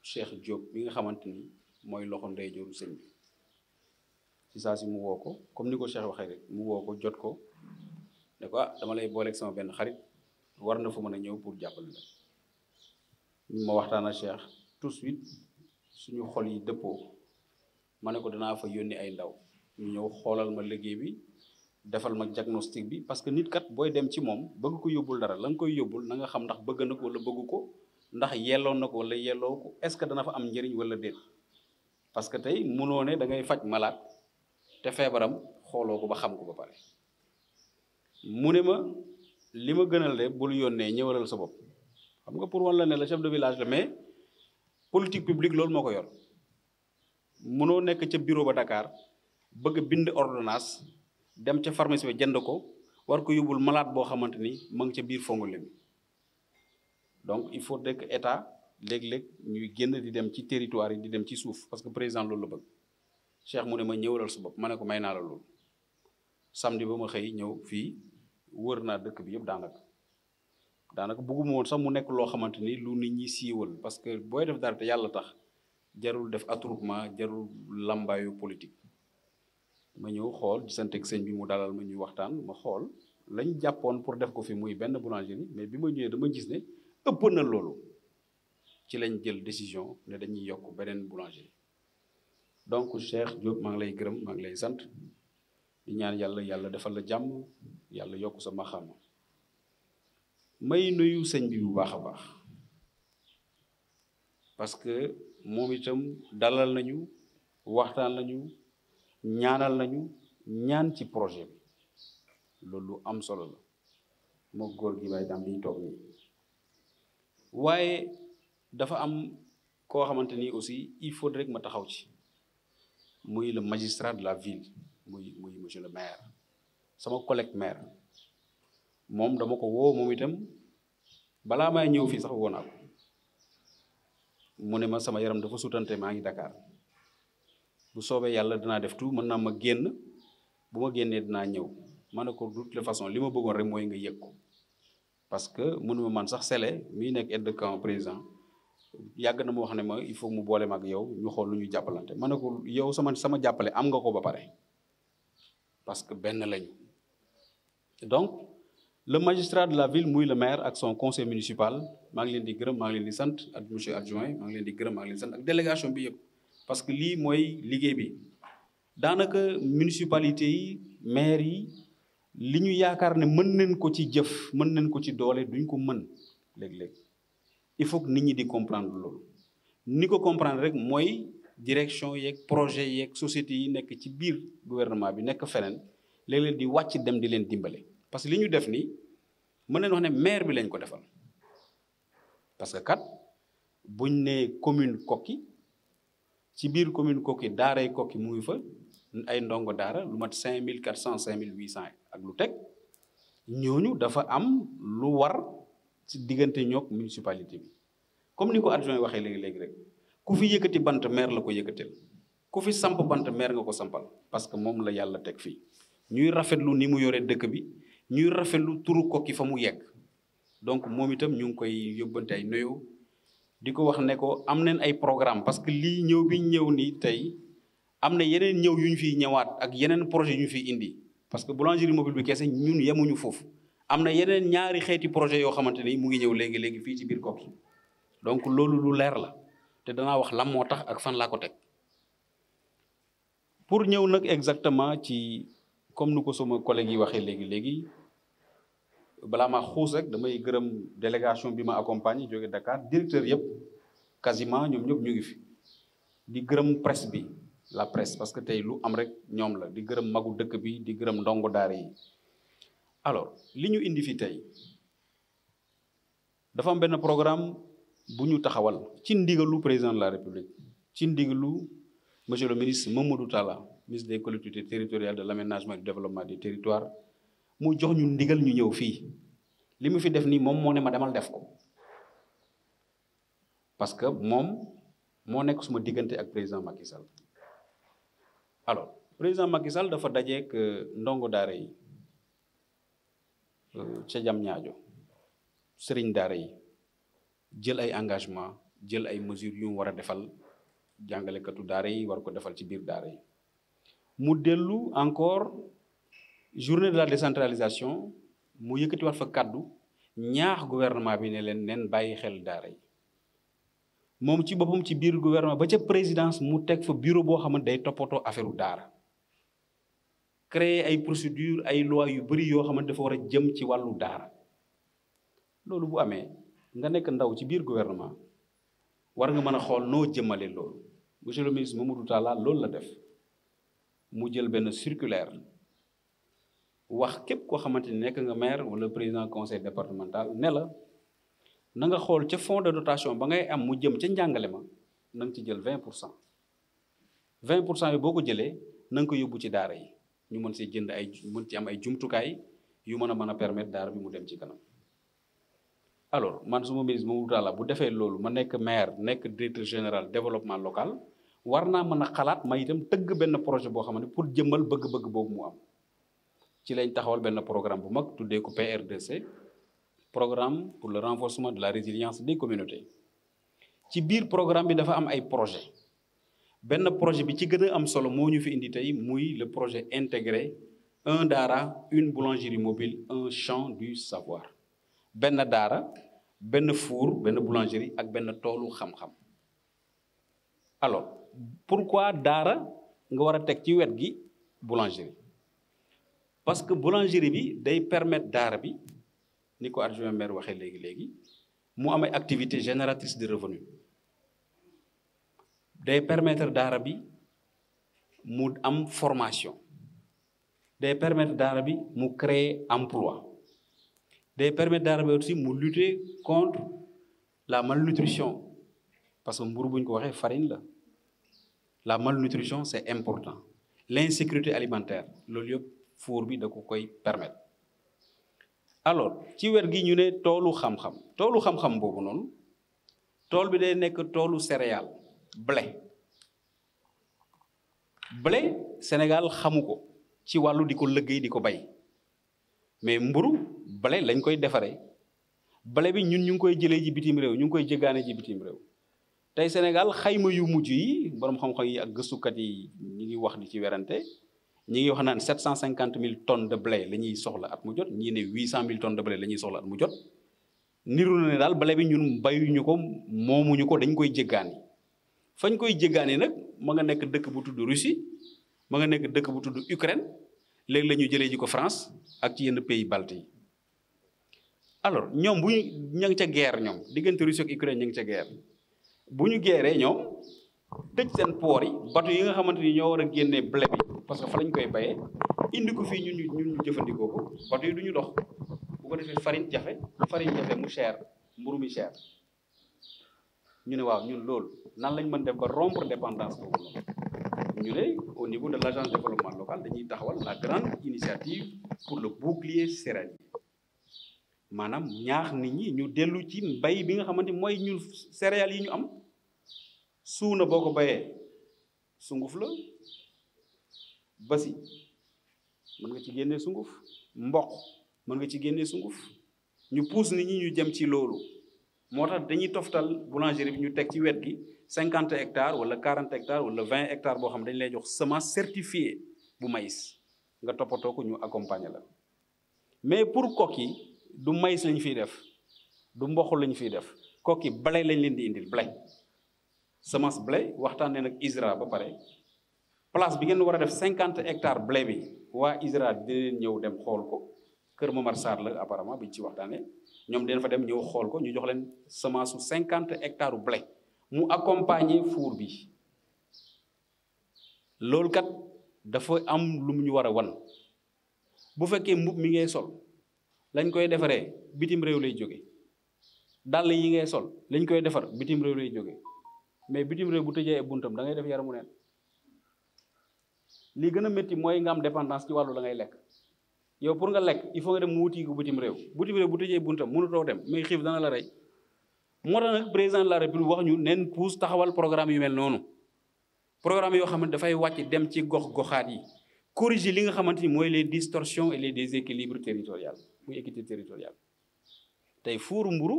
Cheikh Diop mi nga xamante ni mooy loxo ndeyjooru sëñ bi ci saa si mu woo ko comme ni ko Cheikh waxee rek mu woo ko jot ko ne ah dama lay booleeg sama benn xarit war na fa mën a ñëw pour jàppale la ma waxtaan ak Cheikh tout de suñu xol yi dëppoo ma ne ko danaa fa yónni ay ndaw ñu ñëw xoolal ma liggéey bi defal ma diagnostic bi parce que nit kat booy dem ci moom bëgg ko yóbbul dara la nga koy yóbbul na nga xam ndax bëgg na ko wala bëgg ko ndax yelloo na ko wala yelloo ko est-ce que dana fa am njariñ wala déet parce que tey munoo ne da ngay faj malaat te feebaram xooloo ko ba xam ko ba pare mu ne ma li ma gënal de bul yónnee ñëwalal sa bopp xam nga pour wan ne la chef de willage la mais politique publique loolu moo ko yor munoo nekk ca bureau ba Dakar bëgg bind ordonnance dem ca pharmacie ba jënd ko war ko yóbbul malaat boo xamante ni ma ngi ca biir Fongolemi donc il faut que état léeg-léeg ñuy génn di dem ci territoire yi di dem ci suuf parce que président loolu la bëgg Cheikh mu ne ma ñëwalal sa bopp ma ne ko may naa la loolu samedi ba ma xëy ñëw fii wër naa dëkk bi yëpp daanaka daanaka bëgguma woon sax mu nekk loo xamante ni lu nit ñi siiwal parce que booy def dara te yàlla tax jarul def attroupement jarul lambaayu politique ma ñëw xool gisanteeg sëñ bi mu dalal ma ñuy waxtaan ma xool lañ jàppoon pour def ko fi muy benn boulangerie mais bi ma ñëwee dama gis ne ëpp na loolu ci lañ jël décision ne dañuy yokk beneen boulangerie donc Cheikh Diop maa ngi lay gërëm maa ngi lay sant di ñaan yàlla yàlla defal la jàmm yàlla yokk sama maxaama may nuyu sëñ bi bu baax a baax parce que moom itam dalal nañu waxtaan lañu ñaanal nañu ñaan ci projet bi loolu am solo la moo góor gi may dam liñ toog nii waaye dafa am koo xamante ni aussi il faut rek ma taxaw ci muy le magistrat de la ville muy muy monsieur le maire sama collègue maire moom dama ko woo moom itam balaa may ñëw fii sax woo naa ko mu ne ma sama yaram dafa sutante maa ngi dakaar bu soobee yàlla dinaa def tout mën naam ma génn bu ma génnee dinaa ñëw ma ne ko de toute façon li ma bëggoon rek mooy nga yëg ko parce que mënuma man sax Sélé mi nekk aide de camp président yàgg na mu wax ne ma il faut mu boole ma ak yow ñu xool lu ñu jàppalante ma ne ko yow sama sama jàppale am nga ko ba pare parce que benn lañu donc le magistrat de la ville muy le maire ak son conseil municipal maa ngi leen di gërëm maa ngi leen di sant ak monsieur adjoint maa ngi leen di gërëm maa ngi leen di sant ak délégation bi yëpp parce que lii mooy liggéey bi daanaka municipalité maire yi li ñu yaakaar ne mën nañ ko ci jëf mën nañ ko ci doole duñ ko mën léeg il faut nit ñi di comprendre loolu ni ko comprendre rek mooy direction yeeg projet yeeg société yi nekk ci biir gouvernement bi nekk feneen léeg leen di wàcc dem di leen dimbale parce que li ñu def nii mën nañ wax ne maire bi lañ ko defal parce que kat buñ ne commune kokki ci biir commune Koki daaray Koki mu ngi fa ay ndongo daara lu mat cinq mille quatre cent cinq mille huit cent ak lu teg ñooñu dafa am lu war ci diggante ñoog municipalité bi comme ni ko adjoint waxee léegi-léegi rek ku fi yëkkati bant meer la ko yëkkateel ku fi samp bant maire nga ko sampal parce que moom la yàlla teg fii ñuy rafetlu ni mu yore dëkk bi ñuy rafetlu turu ki fa mu yegg donc moom itam ñu ngi koy yóbbante ay nuyoo di ko wax ne ko am nañ ay programme parce que lii ñëw bi ñëw nii tey am na yeneen ñëw yu ñu fiy ñëwaat ak yeneen projet yu ñu fiy indi parce que boulangerie mobile bi kese ñun yemuñu foofu am na yeneen ñaari xeeti projet yoo xamante ni mu ngi ñëw léegi léegi fii ci biir Koki donc loolu lu leer la te danaa wax lan moo tax ak fan laa ko teg pour ñëw nag exactement ci comme nu ko sama collègue yi waxee léegi léegi balaa maa xuus rek damay gërëm délégation bi ma accompagné jóge Dakar directeur yëpp quasiment ñoom ñëpp ñu ngi fi di gërëm presse bi. la presse parce que tey lu am rek ñoom la di gërëm magu dëkk bi di gërëm ndongo daara yi alors li ñu indi fi tey dafa am benn programme bu ñu taxawal ci ndigalu président de la république ci ndigalu monsieur le ministre Mamadou Talla ministre des collectivités de l'aménagement et du développement mu jox ñu ndigal ñu ñëw fii li mu fi def nii moom moo ne ma demal def ko parce que moom moo nekk suma diggante ak président Macky alors président Macky Sall dafa dajeek euh, ndongo daara yi euh, ca jam ñaajo sëriñ daara yi jël ay engagement jël ay mesures yu war a defal jàngalekatu daara yi war ko defal ci biir daara yi mu dellu encore journée de la décentralisation mu yëkkati wax fa kàddu ñaax gouvernement bi ne leen neen bàyyi xel daara yi moom ci boppam ci biir gouvernement ba ca présidence mu teg fa bureau boo xam ne day toppatoo affaire u daara créer ay procédure ay loi yu bari yoo xamante ne dafa war a jëm ci wàllu daara loolu bu amee nga nekk ndaw ci biir gouvernement war nga mën a xool noo jëmale loolu monsieur le ministre Mamadou Talla loolu la def mu jël benn circulaire wax képp koo xamante ni nekk nga maire wala président conseil départemental ne la na nga xool ca fonds de dotation ba ngay am mu jëm ca njàngale ma nanga nga ci jël vingt pour cent vingt pour cent yi boo ko jëlee na ko yóbbu ci daara yi ñu mën see jënd ay mën ci am ay jumtukaay yu mën a mën a permettre daara bi mu dem ci kanam alors man suma ministre Mamadou Talla bu defee loolu ma nekk maire nekk directeur général développement local war naa mën a xalaat ma itam tëgg benn projet boo xam ne pour jëmmal bëgg-bëgg boobu mu am ci lañ taxawal benn programme bu mag tuddee ko PR2C programme pour le renforcement de la résilience des communautés ci biir programme bi dafa am ay projet benn projet bi ci gën a am solo moo ñu fi indi tey muy le projet intégré un daara une boulangerie mobile un champ du savoir benn daara benn four benn boulangerie ak benn toolu xam-xam alors pourquoi daara nga war a teg ci wet gi boulangerie parce que boulangerie bi day permettre daara bi ni ko adjoint maire waxee léegi léegi mu amee activité génératrice de revenu day permettre daara bi mu am formation day permettre daara bi mu créer emploi day permettre daara bi aussi mu lutter contre la malnutrition parce que mburu bu ko waxee farine la la malnutrition c'est important l'insécurité alimentaire loolu yëpp four bi da ko koy permettre alors ci wet gi ñu ne toolu xam-xam toolu xam-xam boobu noonu tool bi day nekk toolu céréale blé blé Sénégal xamu ko ci wàllu di ko liggéey di ko bay mais mburu blé lañ koy defaree blé bi ñun ñu ngi koy jëlee ji bitim réew ñu ngi koy jëgaane ji bitim réew tey Sénégal xayma yu mujj yi boroom xam-xam yi ak gëstukat yi ñu ngi wax di ci werante ñi ngi wax naa sept cent cinquante mille tonnes de la ñuy soxla at mu jot ñii ne huit cent mille tonnes de blé la soxla at mu jot niru na ne daal blé bi ñun bayuñu ko moomuñu ko dañ koy jéggaani fañ koy jéggaani nag ma nga nekk dëkk bu tudd Russie ma nga nekk dëkk bu tudd Ukraine léegi la ñu jëlee ji ko France ak ci yenn pays baltes yi alors ñoom bu ñu ca guerre ñoom diggante Russie ak Ukraine ña ngi ca guerre bu ñu guerree ñoom tëj seen poor yi bato yi nga xamante ni ñoo war a génnee blé bi parce que fa lañ koy bayee indi ko fii ñun ñu ñun ñu jëfandikoo ko bato yi du ñu dox bu ko defee farine jafe farine jafe mu cher mburu mi cher ñu ne waaw ñun loolu nan lañ mën def ba rompre dépendance boobu ñu ne au niveau de l' agence de développement locale dañuy taxawal la grande initiative pour le bouclier céréalier maanaam ñaax nit ñi ñu dellu ci mbay bi nga xamante ni mooy ñun céréales yi ñu am suuna boo ko bayee sunguf la basi mën nga ci génnee sunguf mboq mën nga ci génnee sunguf ñu puus nit ñi ñu jëm ci loolu moo tax dañuy toftal boulangerie bi ñu teg ci wet gi cinquante hectares wala quarante hectare wala vingt hectare boo xam dañ lay jox semence certifiée bu maïs nga toppatoo ko ñu accompagner la mais pour coque yi du maïs lañu fi def du mboq lañu fi def coque yi blé lañ leen di indil blé semence blé waxtaanee nag ISRA ba pare place bi ngeen war a def cinquante hectares blé bi waa ISRA dinañ ñëw dem xool ko Kër Momar Sarr la apparemment biñ ci waxtaanee ñoom dinañ fa dem ñëw xool ko ñu jox leen semence su cinquante hectares blé mu accompagner four bi loolu kat dafa am lu mu ñu war a wan bu fekkee mbubb mi ngay sol lañ koy defaree bitim réew lay jóge dàll yi ngay sol lañ koy defar bitim réew lay jóge mais bitim réew bu tëjee buntam da ngay def yaramu neen lii gën a métti mooy nga am dépendance ci wàllu la ngay lekk yow pour nga lekk il faut nga dem wuti ko bitim réew bitim réew bu tëjee buntam mënutoo dem mais xiif dana la rey moo tax nag président de la république wax ñu neen pouse taxawal programme yu mel noonu programme yoo xam ne dafay wàcc dem ci gox-goxaat yi corriger li nga xamante ni mooy les distorsions et les déséquilibres territoriaux muy équité territoriale tey fuuru mburu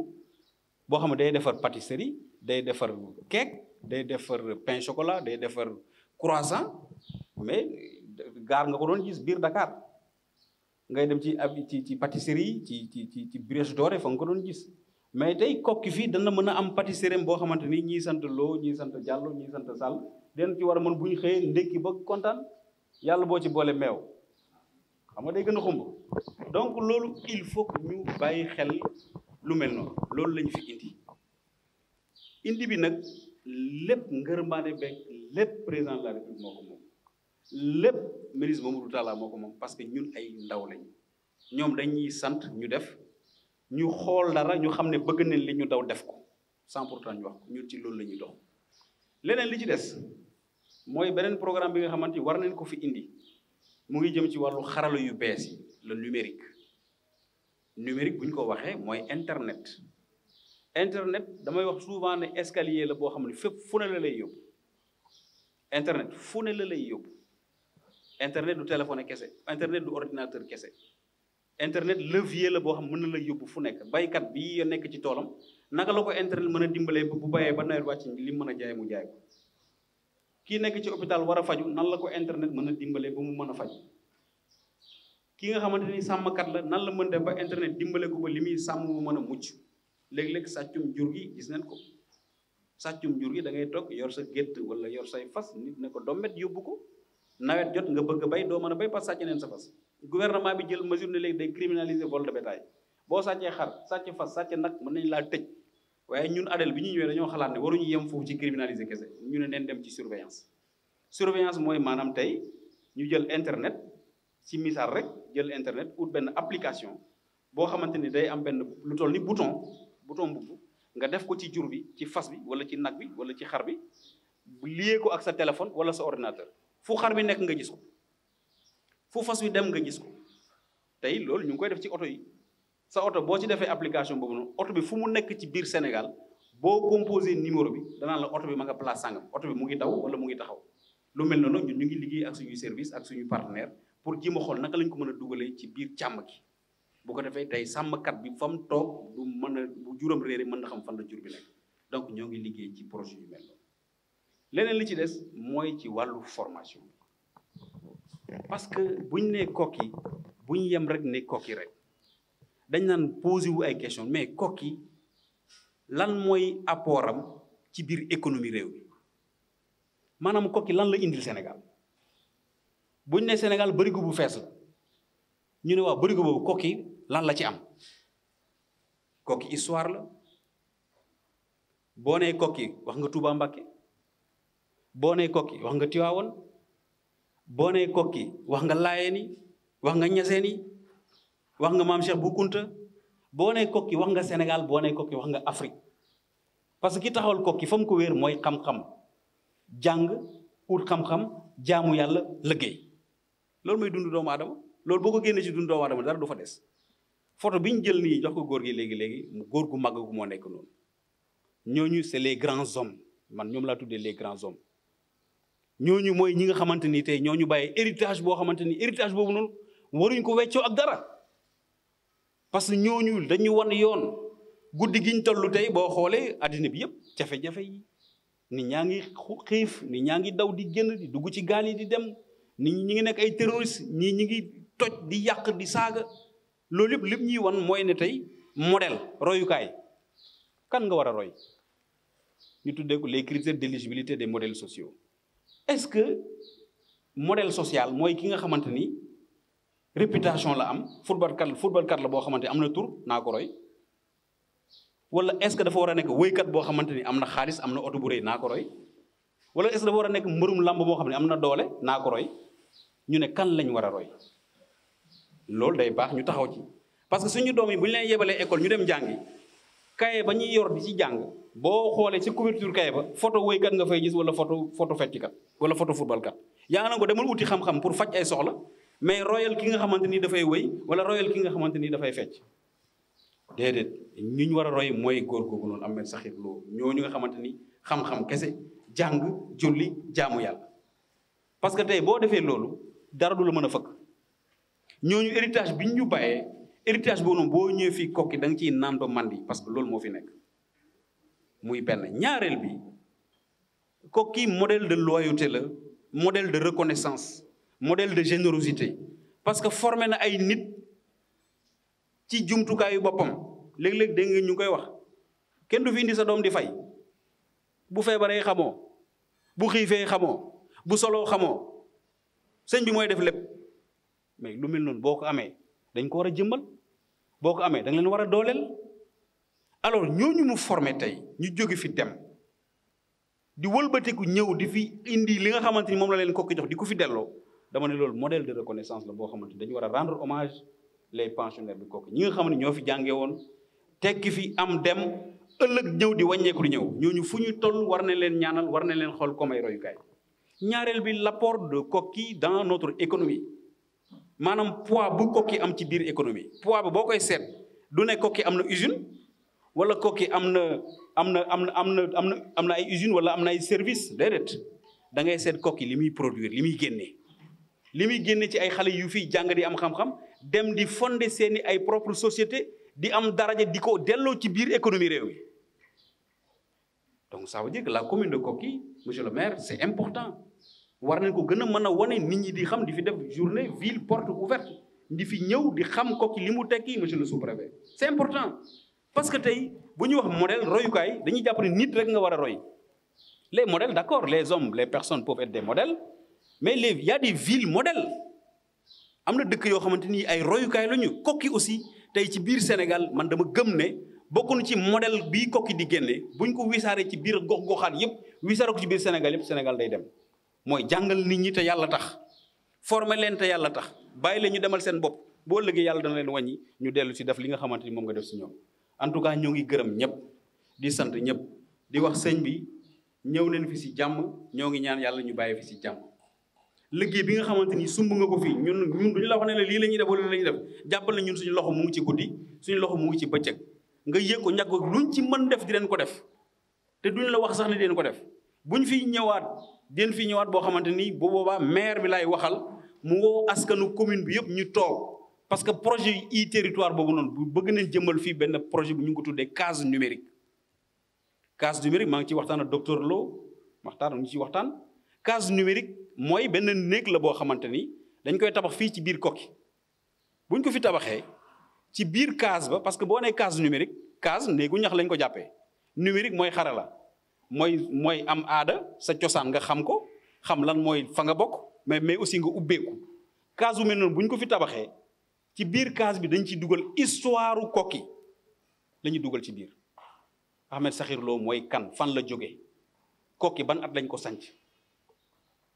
boo xam ne day defar pâtisserie day defar cake day defar pain chocolat day defar croissant mais gaar nga ko doon gis biir Dakar ngay dem ci ab ci ci pâtisserie ci ci ci ci Brioche Dorée fa nga ko doon gis mais tey kokki fii dana mën a am pâtisserie boo xamante ni ñii sant Lo ñii sant Diallo ñii sant Sall den ci war a mën bu ñu xëyee ndékki ba kontaan yàlla boo ci boole meew xam nga day gën a xumb donc loolu il faut ñu bàyyi xel lu mel noonu loolu la ñu fi indi indi bi nag. lépp ngërmaane beeg lépp président de la république moo ko moom lépp ministre Mamadou Talla moo ko moom parce que ñun ay ndaw lañ ñoom dañuy sant ñu def ñu xool dara ñu xam ne bëgg nañ li ñu daw def ko sans pourtant ñu wax ko ñun ci loolu lañuy ñuy dox leneen li ci des mooy beneen programme bi nga xamante ni war nañ ko fi indi mu ngi jëm ci wàllu xarala yu bees yi le numérique numérique bu ñu ko waxee mooy internet internet damay wax souvent ne escalier la boo xam ne fépp fu ne la lay yóbbu internet fu ne la lay yóbbu internet du téléphone kese internet du ordinateur kese internet levier la boo xam mën na la yóbbu fu nekk baykat bi nekk ci toolam naka la ko internet mën a dimbalee bu bayee ba nawet wàcc li mën a jaay mu jaay ko kii nekk ci hôpital war a faju nan la ko internet mën a dimbalee ba mu mën a faj ki nga xamante ni sàmmkat la nan la mën def ba internet dimbale ko ba li muy sàmm mu mën a mujj léeg-léeg sàccum jur gi gis nañ ko sàccum jur gi dangay toog yor sa gétt wala yor say fas nit ne ko domet yóbbu ko nawet jot nga bëgg bay doo mën a bay parce sàcc neen sa fas gouvernement bi jël mesure ne léegi day criminaliser vol de bétail boo sàccee xar sàcc fas sàcc nag mën nañ laa tëj waaye ñun adel bi ñu ñëwee dañoo xalaat ne waruñu yem foofu ci criminaliser kese ñu ne neen dem ci surveillance surveillance mooy maanaam tey ñu jël internet ci misaal rek jël internet ou benn application boo xamante ni day am benn lu toll ni bouton bouton mbubb nga def ko ci jur bi ci fas bi wala ci nag bi wala ci xar bi lié ko ak sa téléphone wala sa ordinateur fu xar bi nekk nga gis ko fu fas bi dem nga gis ko tey loolu ñu ngi koy def ci oto yi sa oto boo ci defee application boobu noonu oto bi fu mu nekk ci biir Sénégal boo composé numéro bi danaan la oto bi ma nga place sàngam oto bi mu ngi daw wala mu ngi taxaw lu mel noonu ñun ñu ngi liggéey ak suñu service ak suñu partenaire pour jéem a naka lañ ko mën a dugalee ci biir càmm gi bu ko defee tey sàmmkat bi fa toog du mën a bu juróom réere mën na xam fan la jur bi nekk donc ñoo ngi liggéey ci projet yu mel noonu leneen li ci des mooy ci wàllu formation parce que buñ ne kokki buñ yem rek ne kokki rek dañ naan posé wu ay question mais kokki lan mooy apport am ci biir économie réew bi maanaam kokki lan la indil Sénégal buñ ne Sénégal bërigo bu fees la ñu ne waaw bërigo boobu kokki lan la ci am kokki histoire la boo nee kokki wax nga Touba Mbakke boo nee kokki wax nga Tiwaawoon boo nee koki wax nga Laayeen yi wax nga Ñaseen yi wax nga maam Cheikh bu Kunta boo nee kokki wax nga Sénégal boo nee kokki wax nga Afrique parce que ki taxawal kokki fa ko wéer mooy xam-xam jàng ut xam-xam jaamu yàlla liggéey loolu mooy dund doomu aadama loolu boo ko génnee ci dund doomu aadama dara du fa des photo bi ñu jël nii jox ko góor gi léegi léegi mu góor gu màgg gu moo nekk noonu ñooñu c'est les grands hommes man ñoom laa tuddee les grands hommes ñooñu mooy ñi nga xamante ni tey ñooñu bàyyi héritage boo xamante ni héritage boobu noonu waruñ ko weccoo ak dara parce que ñooñu dañu wan yoon guddi gi ñu tey boo xoolee addina bi yëpp jafe-jafe yi nit ñaa ngi xiif nit ñaa ngi daw di génn di dugg ci gaal yi di dem nit ñu ngi nekk ay terroristes ñii ñi ngi toj di yàq di saaga loolu yëpp lim ñuy wan mooy ne tey modèle royukaay kan nga war a roy ñu tuddee ko les critères d'éligibilité des modèles sociaux est-ce que modèle social mooy ki nga xamante ni réputation la am football kat football la boo xamante am na tur naa ko roy wala est-ce que dafa war a nekk woykat boo xamante ni am na xaalis am na oto bu rëy naa ko roy wala est-ce war a nekk mbërum làmb boo xam ne am na doole naa roy ñu ne kan lañ war a roy loolu day baax ñu taxaw ci parce que suñu doom yi bu ñu leen yebalee école ñu dem jàngi kaye ba ñuy yor di ci jàng boo xoolee ci couverture kaye ba photo kat nga fay gis wala photo photo feccikat wala photo footballkat yaa nga ko demal wuti xam-xam pour faj ay soxla mais royal ki nga xamante ni dafay wëy wala royal ki nga xamante ni dafay fecc déedéet ñi ñu war a roy mooy góor googu noonu am mel saxir loo ñooñu nga xamante ni xam-xam kese jàng julli jaamu yàlla parce que tey boo defee loolu dara du la mën a fëkk ñooñu héritage bi ñu bàyyee héritage boobu boo ñëwee fii kokki da nga ciy naan ba mandi parce que loolu moo fi nekk muy benn ñaareel bi kokki modèle de loyauté la modèle de reconnaissance modèle de générosité parce que formé na ay nit ci jumtukaayu boppam léeg-léeg dégg nga ñu koy wax kenn du fi indi sa doom di fay bu feebaree xamoo bu xiifee xamoo bu soloo xamoo sëñ bi mooy def lépp mais lu mel noonu boo ko amee dañ ko war a jëmmal boo ko amee dañ leen war a dooleel alors ñooñu mu formé tey ñu jóge fi dem di wëlbatiku ñëw di fi indi li nga xamante ni moom la leen kokki jox di ko fi delloo dama ne loolu modèle de reconnaissance la boo xamante ni dañu war a rendre hommage les pensionnaires bi kokki ñi nga xam ne ñoo fi jàngee woon tekki fi am dem ëllëg ñëw di wàññeeku di ñëw ñooñu fu ñu toll war na leen ñaanal war na leen xool comme ay royukaay ñaareel bi l'apport de Koki dans notre maanaam poids bu kokki am ci biir économie pois bi boo koy seet du ne kokki am na usine wala kokki am na am na am na am na am na am na ay usine wala am na ay service déedéet da ngay seet kokki li muy produire li muy génne li muy génne ci ay xale yu fiy jàng di am xam-xam dem di fonde seeni ay propre société di am daraja di ko delloo ci biir économie réew mi donc ça veut dire que la commune de Koki monsieur le maire c'est important war nañ ko gën a mën a wane nit ñi di xam di fi def journée ville porte ouverte di fi ñëw di xam kooku li mu tekki monsieur le sous c'est important parce que tey bu ñu wax model royukaay dañuy jàpp nit rek nga war a roy les modèles d'accord les hommes les personnes peuvent être des mais les y a des villes am na dëkk yoo xamante ni ay royukaay la ñu kokki aussi tey ci biir Sénégal man dama gëm ne bokkuñu ci model bii kokki di génne buñ ko wisaaree ci biir gox-goxaan yépp wisaare ko ci biir Sénégal yépp day dem mooy jàngal nit ñi te yàlla tax former leen te yàlla tax bàyyi leen ñu demal seen bopp boo liggéey yàlla dana leen wàññi ñu dellu si def li nga xamante ni moom nga def si ñoom en tout cas ñoo ngi gërëm ñëpp di sant ñëpp di wax sëñ bi ñëw nañ fi si jàmm ñoo ngi ñaan yàlla ñu bàyyi fi si jàmm liggéey bi nga xamante ni sumb nga ko fii ñun ñun la wax ne la lii la ñuy def wala la ñuy def jàppal na ñun suñu loxo mu ngi ci guddi suñu loxo mu ngi ci bëccëg nga yëg ko ñàkk luñ ci mën def di leen ko def te duñ la wax sax ne di leen ko def buñ fi ñëwaat den fi ñëwaat boo xamante ni bu boobaa maire bi lay waxal mu woo askanu commune bi yëpp ñu toog parce que projet yi territoire boobu noonu bu bëgg nañ jëmmal fii benn projet bu ñu ngi ko tuddee case numérique. case numérique maa ngi ciy waxtaan ak docteur Lo waxtaan ñu ciy waxtaan case numérique mooy benn néeg la boo xamante ni dañ koy tabax fii ci biir Koki buñ ko fi tabaxee ci biir case ba parce que boo nee case numérique case néegu ñax lañ ko jàppee numérique mooy xare la mooy mooy am aada sa cosaan nga xam ko xam lan mooy fa nga bokk mais mais aussi nga ubbeeku kaas bu mel noonu bu ñu ko fi tabaxee ci biir kaas bi dañ ci dugal histoire Koki kokki ñu dugal ci biir Ahmed Sakhir Lo mooy kan fan la jóge Koki ban at lañ ko sanc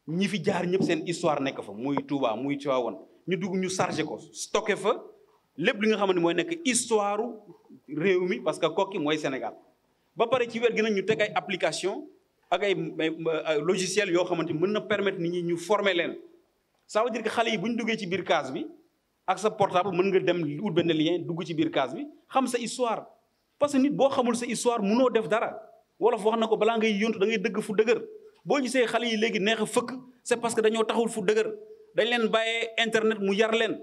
ñi fi jaar ñëpp seen histoire nekk fa muy Touba muy Tivaouane ñu dugg ñu chargé ko stocké fa lépp li nga xamante ni mooy nekk histoire réew mi parce que Koki mooy Sénégal ba pare ci wet gi nag ñu teg ay application ak ay logiciel yoo xamante ni mën na permettre nit ñi ñu former leen ça veut dire xale yi bu ñu duggee ci biir case bi ak sa portable mën nga dem ut benn lien dugg ci biir case bi xam sa histoire parce que nit boo xamul sa histoire mënoo def dara wolof wax na ko balaa ngay yontu da ngay dëgg fu dëgër boo gisee xale yi léegi neex a fëkk c'est parce que dañoo taxul fu dëgër dañ leen bàyyee internet mu yar leen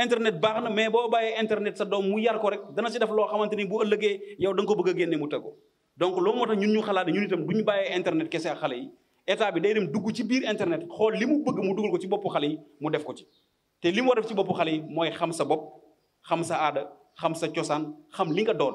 internet baax na mais boo bàyyee internet sa doom mu yar ko rek dana si def loo xamante ni bu ëllëgee yow da ko bëgg génne mu tegu donc loolu moo tax ñun ñu xalaat ñun itam du ñu bàyyee internet kese ak xale yi état bi day dem dugg ci biir internet xool li mu bëgg mu dugal ko ci boppu xale yi mu def ko ci te li mu def ci boppu xale yi mooy xam sa bopp xam sa aada xam sa cosaan xam li nga doon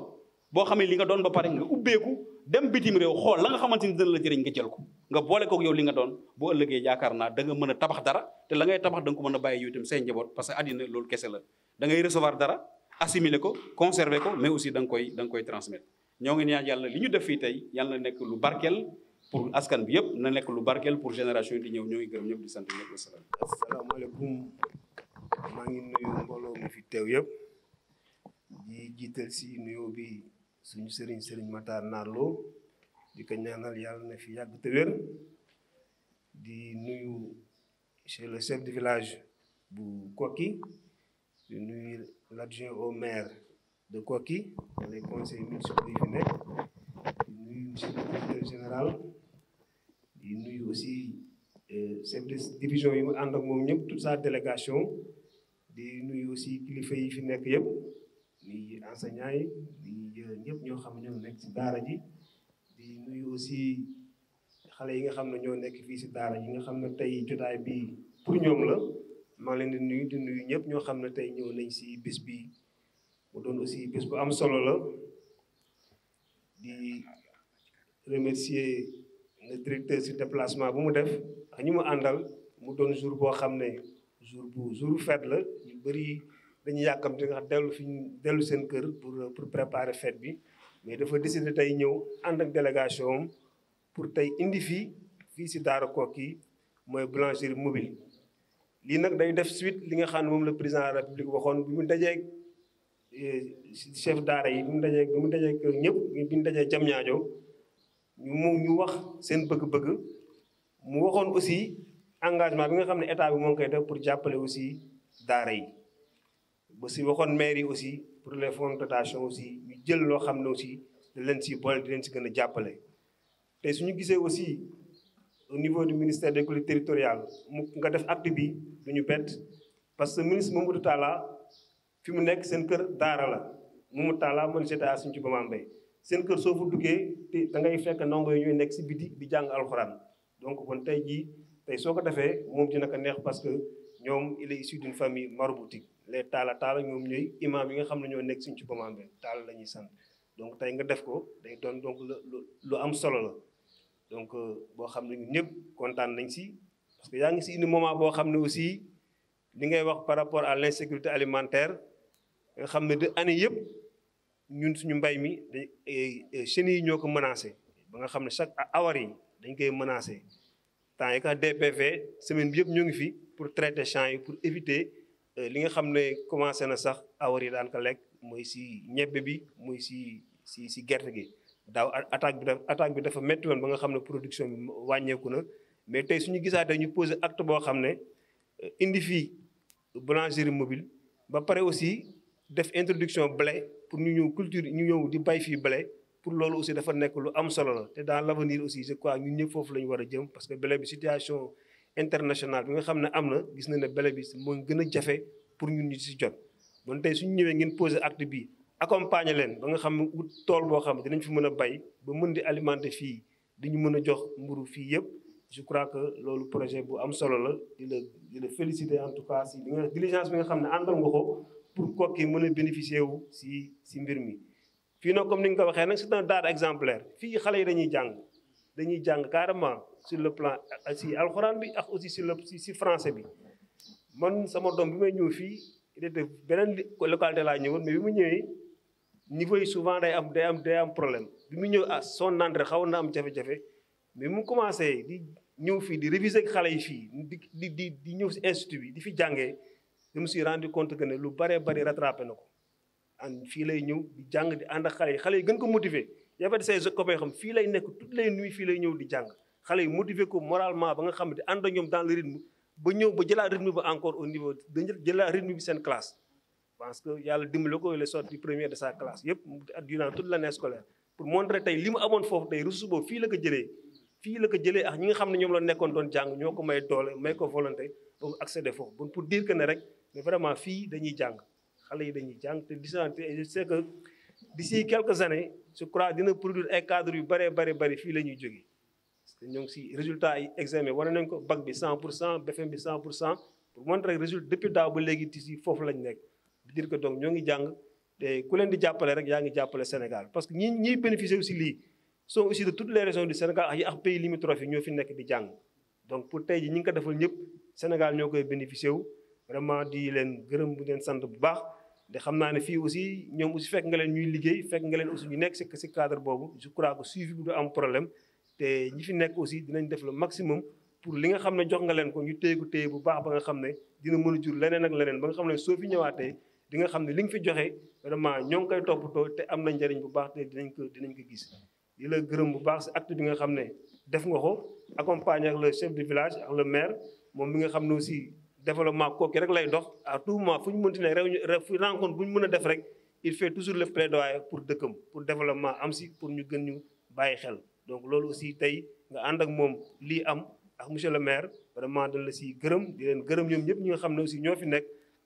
boo xamee li nga doon ba pare nga ubbeeku dem bitim réew xool la nga xamante ni dina la jëriñ nga jël ko nga boole kook yow li nga doon boo ëllëgee yaakaar naa danga nga mën a tabax dara te la ngay tabax da nga ko mën a bàyyi yow itam say njaboot parce que àddina loolu kese la da ngay recevoir dara assimiler ko conserver ko mais aussi da nga koy da koy transmettre ñoo ngi ñaan yàlla li ñu def fii tey yàlla na nekk lu barkeel pour askan bi yëpp na nekk lu barkeel pour génération yi di ñëw ñoo ngi gërëm ñëpp di sant ñëpp wasalaam asalaamaaleykum maa ngi nuyu mbooloo mi fi teew si nuyoo bi suñu sëriñ sëriñ Matar Naar Lo di ko ñaanal yàlla na fi yàgg te di nuyu chez le chef de village bu Koki di nuyu l'adjoint au maire de Koki les conseils municipaux yi fi nekk di nuyu monsieur le directeur général di nuyu aussi euh, chef de division yi mu ànd ak moom ñëpp toute sa délégation di nuyu aussi kilifa yi fi nekk yëpp di enseignants yi di ñëpp ñoo xam ne ñoo nekk si daara ji di nuyu aussi xale yi nga xam ne ñoo nekk fii si daara ji nga xam ne tey jotaay bi pour ñoom la maa leen di nuyu di nuyu ñëpp ñoo xam ne tey ñëw nañ si bis bi mu doon aussi bis bu am solo la di remercier le directeur si déplacement bu mu def ak ñu mu àndal mu doon jour boo xam ne jour bu jour fête la ñu bëri. dañuy yàkkamte nga dellu fi dellu seen kër pour pour préparer fête bi mais dafa décider tey ñëw ànd ak délégation pour tey indi fii fii si Daara Koki mooy boulangerie mobile. lii nag day def suite li nga xam ne moom la président de la république waxoon bi mu dajeeg eh, chef daara yi bi mu dajeeg bi ñëpp bi mu dajeeg jam ñaajo ñu mu ñu wax seen bëgg-bëgg mu waxoon aussi engagement bi nga xam ne état bi moo ngi koy def pour jàppale aussi daara yi. ba si waxoon maire yi aussi pour les fonds de aussi ñu jël loo xam ne aussi da leen si boole di leen si gën a jàppale te ñu gisee aussi au niveau du ministère des collectivités territoriales mu nga def acte bi du ñu bett parce que ministre Mamadou Talla fi mu nekk seen kër daara la Mamadou Talla man j'étais suñ ci ba mbay seen kër soo fa duggee te da ngay fekk ndongo yi ñooy nekk si biti di jàng alxuraan donc kon tey jii tey soo ko defee moom dina ko neex parce que ñoom il est issu d'une famille maraboutique les taala taala ñoom ñooy imam yi nga xam ne ñoo nekk suñ ci bamambel taala la ñuy sant donc tey nga def ko day doon donc lu am solo la donc euh, boo xam ne ñëpp kontaan nañ si yaa ngi si indi moment boo xam ne aussi li ngay wax par rapport à l'insécurité alimentaire nga xam ne de année yëpp ñun suñu mbay mi dañ chenilles yi ñoo ko menacé ba nga xam ne chaque awar yi dañ koy menacé temps yi ka DPV semaine bi yëpp ñoo ngi fi pour traiter champs yi pour éviter Euh, li nga xam ne commencé na sax awar yi daan ko lekk mooy si ñebbe bi muy si si si gerte gi daaw attaque bi attaque bi dafa métti woon ba nga xam ne production bi wàññeeku na mais tey suñu gisaatee ñu posé acte boo xam ne euh, indi fii boulangerie mobile ba pare aussi def introduction blé pour ñu ñëw culture ñu ñëw di bay fii blé pour loolu aussi dafa nekk lu am solo la te dans l' avenir aussi je crois ñun foofu lañu war a jëm parce que blé bi situation international bi nga xam ne am na gis na ne bele bi moo gën a jafe pour ñun ñu si jot bon tey suñu ñëwee ngeen posé acte bi accompagner leen ba nga xam ne wut tool boo xam dinañ fi mën a bay ba mën di alimenter fii diñu mën a jox mburu fii yëpp je crois que loolu projet bu am solo la di di la féliciter en tout cas si li diligence bi nga xam ne àndal nga ko pour Koki mën a bénéficier wu si si mbir mi fii nag comme ni nga ko waxee nag c'est un daara exemplaire fii xale yi dañuy jàng dañuy jàng carrément sur le plan euh, si alxuraan bi ak aussi sur le si français bi man sama doom bi may ñëw fii il était beneen localité laa ñëwoon mais bi mu ñëwee niveau yi souvent day am day am day am problème bi mu ñëw ah son entrée xawoon na am jafe-jafe mais mu commencé di ñëw fii di réviser xale yi fii di di di ñëw si institut bi di fi jàngee je mu suis rendu compte que ne lu baree bari rattrapé na ko an fii lay ñëw di jàng di ànd ak xale yi xale yi gën ko motiver yaa fekk say copains xam fii lay nekk toutes les nuits fii lay ñëw di jàng xale yi motiver ko moralement ba nga xam ne ànd ak ñoom dans le rythme ba ñëw ba jëlaat rythme bi seen classe. parce que yàlla dimbali ko les sorti première de sa classe yëpp durant toute mu amoon foofu tey ressource boobu fii la ko jëlee. fii ko jëlee ñi nga xam ne ñoom la nekkoon doon jàng ñoo ko may doole may ko volonté ba mu accéder foofu bon pour dire jàng xale yi dañuy jàng te disante je sais que d'ici quelques années je crois dina produire ay cadres yu bëree bare bëri fii la ñuy jógee. parce que ñoo ngi si résultat yi examen wane nañ ko bac bi 100 pour cent BFM bi 100 pour cent pour montrer résultat depuis daaw ba léegi ti foofu lañ nekk di ñoo ngi jàng te ku leen di yaa ngi jàppale Sénégal parce que ñi ñiy bénéficier aussi lii sont aussi de toutes les régions du Sénégal ak yi pays limitrophes ñoo fi nekk di jàng donc pour tey ji ñi ngi ko defal ñëpp Sénégal ñoo koy bénéficier wu vraiment di leen gërëm bu leen sant bu baax te xam naa ne fii aussi ñoom aussi fekk nga leen ñuy liggéey fekk nga leen aussi ñu nekk si si je crois que suivi problème te ñi fi nekk aussi dinañ def le maximum pour li nga xam ne jox nga leen ko ñu téye ko téye bu baax ba nga xam ne dina mën a jur leneen ak leneen ba nga xam ne soo fi ñëwaatee di nga xam ne li nga fi joxe vraiment ñoo ngi koy toppatoo te am na njëriñ bu baax te dinañ ko dinañ gis. di la gërëm bu baax si bi nga xam ne def nga ko accompagner ak le chef de village ak le maire moom mi nga xam ne aussi développement kooku rek lay dox à tout moment fu ñu mënti ne réew fu rencontre bu ñu mën a def rek il fait toujours le plaidoyer pour dëkkam pour développement am si pour ñu gën ñu bàyyi xel. donc loolu aussi tey nga ànd ak moom lii am ak monsieur le maire vraiment dañ la si gërëm di leen gërëm ñoom yëpp ñi xam ne aussi ñoo fi nekk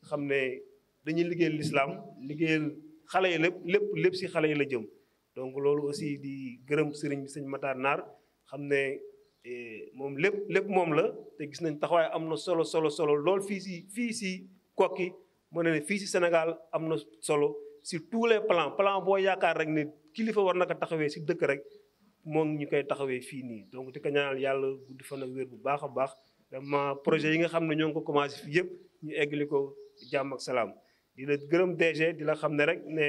xam ne dañuy liggéey lislaam liggéeyal xale yi lépp lépp lépp si xale yi la jëm donc loolu aussi di gërëm sëriñ bi sëñ Matar Naar xam ne eh, moom lépp lépp moom la te gis nañ taxawaay am na solo solo solo lool fii si fii si kokki mu ne fii si Sénégal am na solo si tous les plans plan boo yaakaar rek ne kilifa war na ko taxawee si dëkk rek moo ngi ñu koy taxawee fii nii donc di ko ñaanal yàlla gudd fan ak wér bu baax a baax vraiment projet yi nga xam ne ñoo ngi ko commencé fii yëpp ñu eggali ko jàmm ak salaam di la gërëm DG di la xam ne rek ne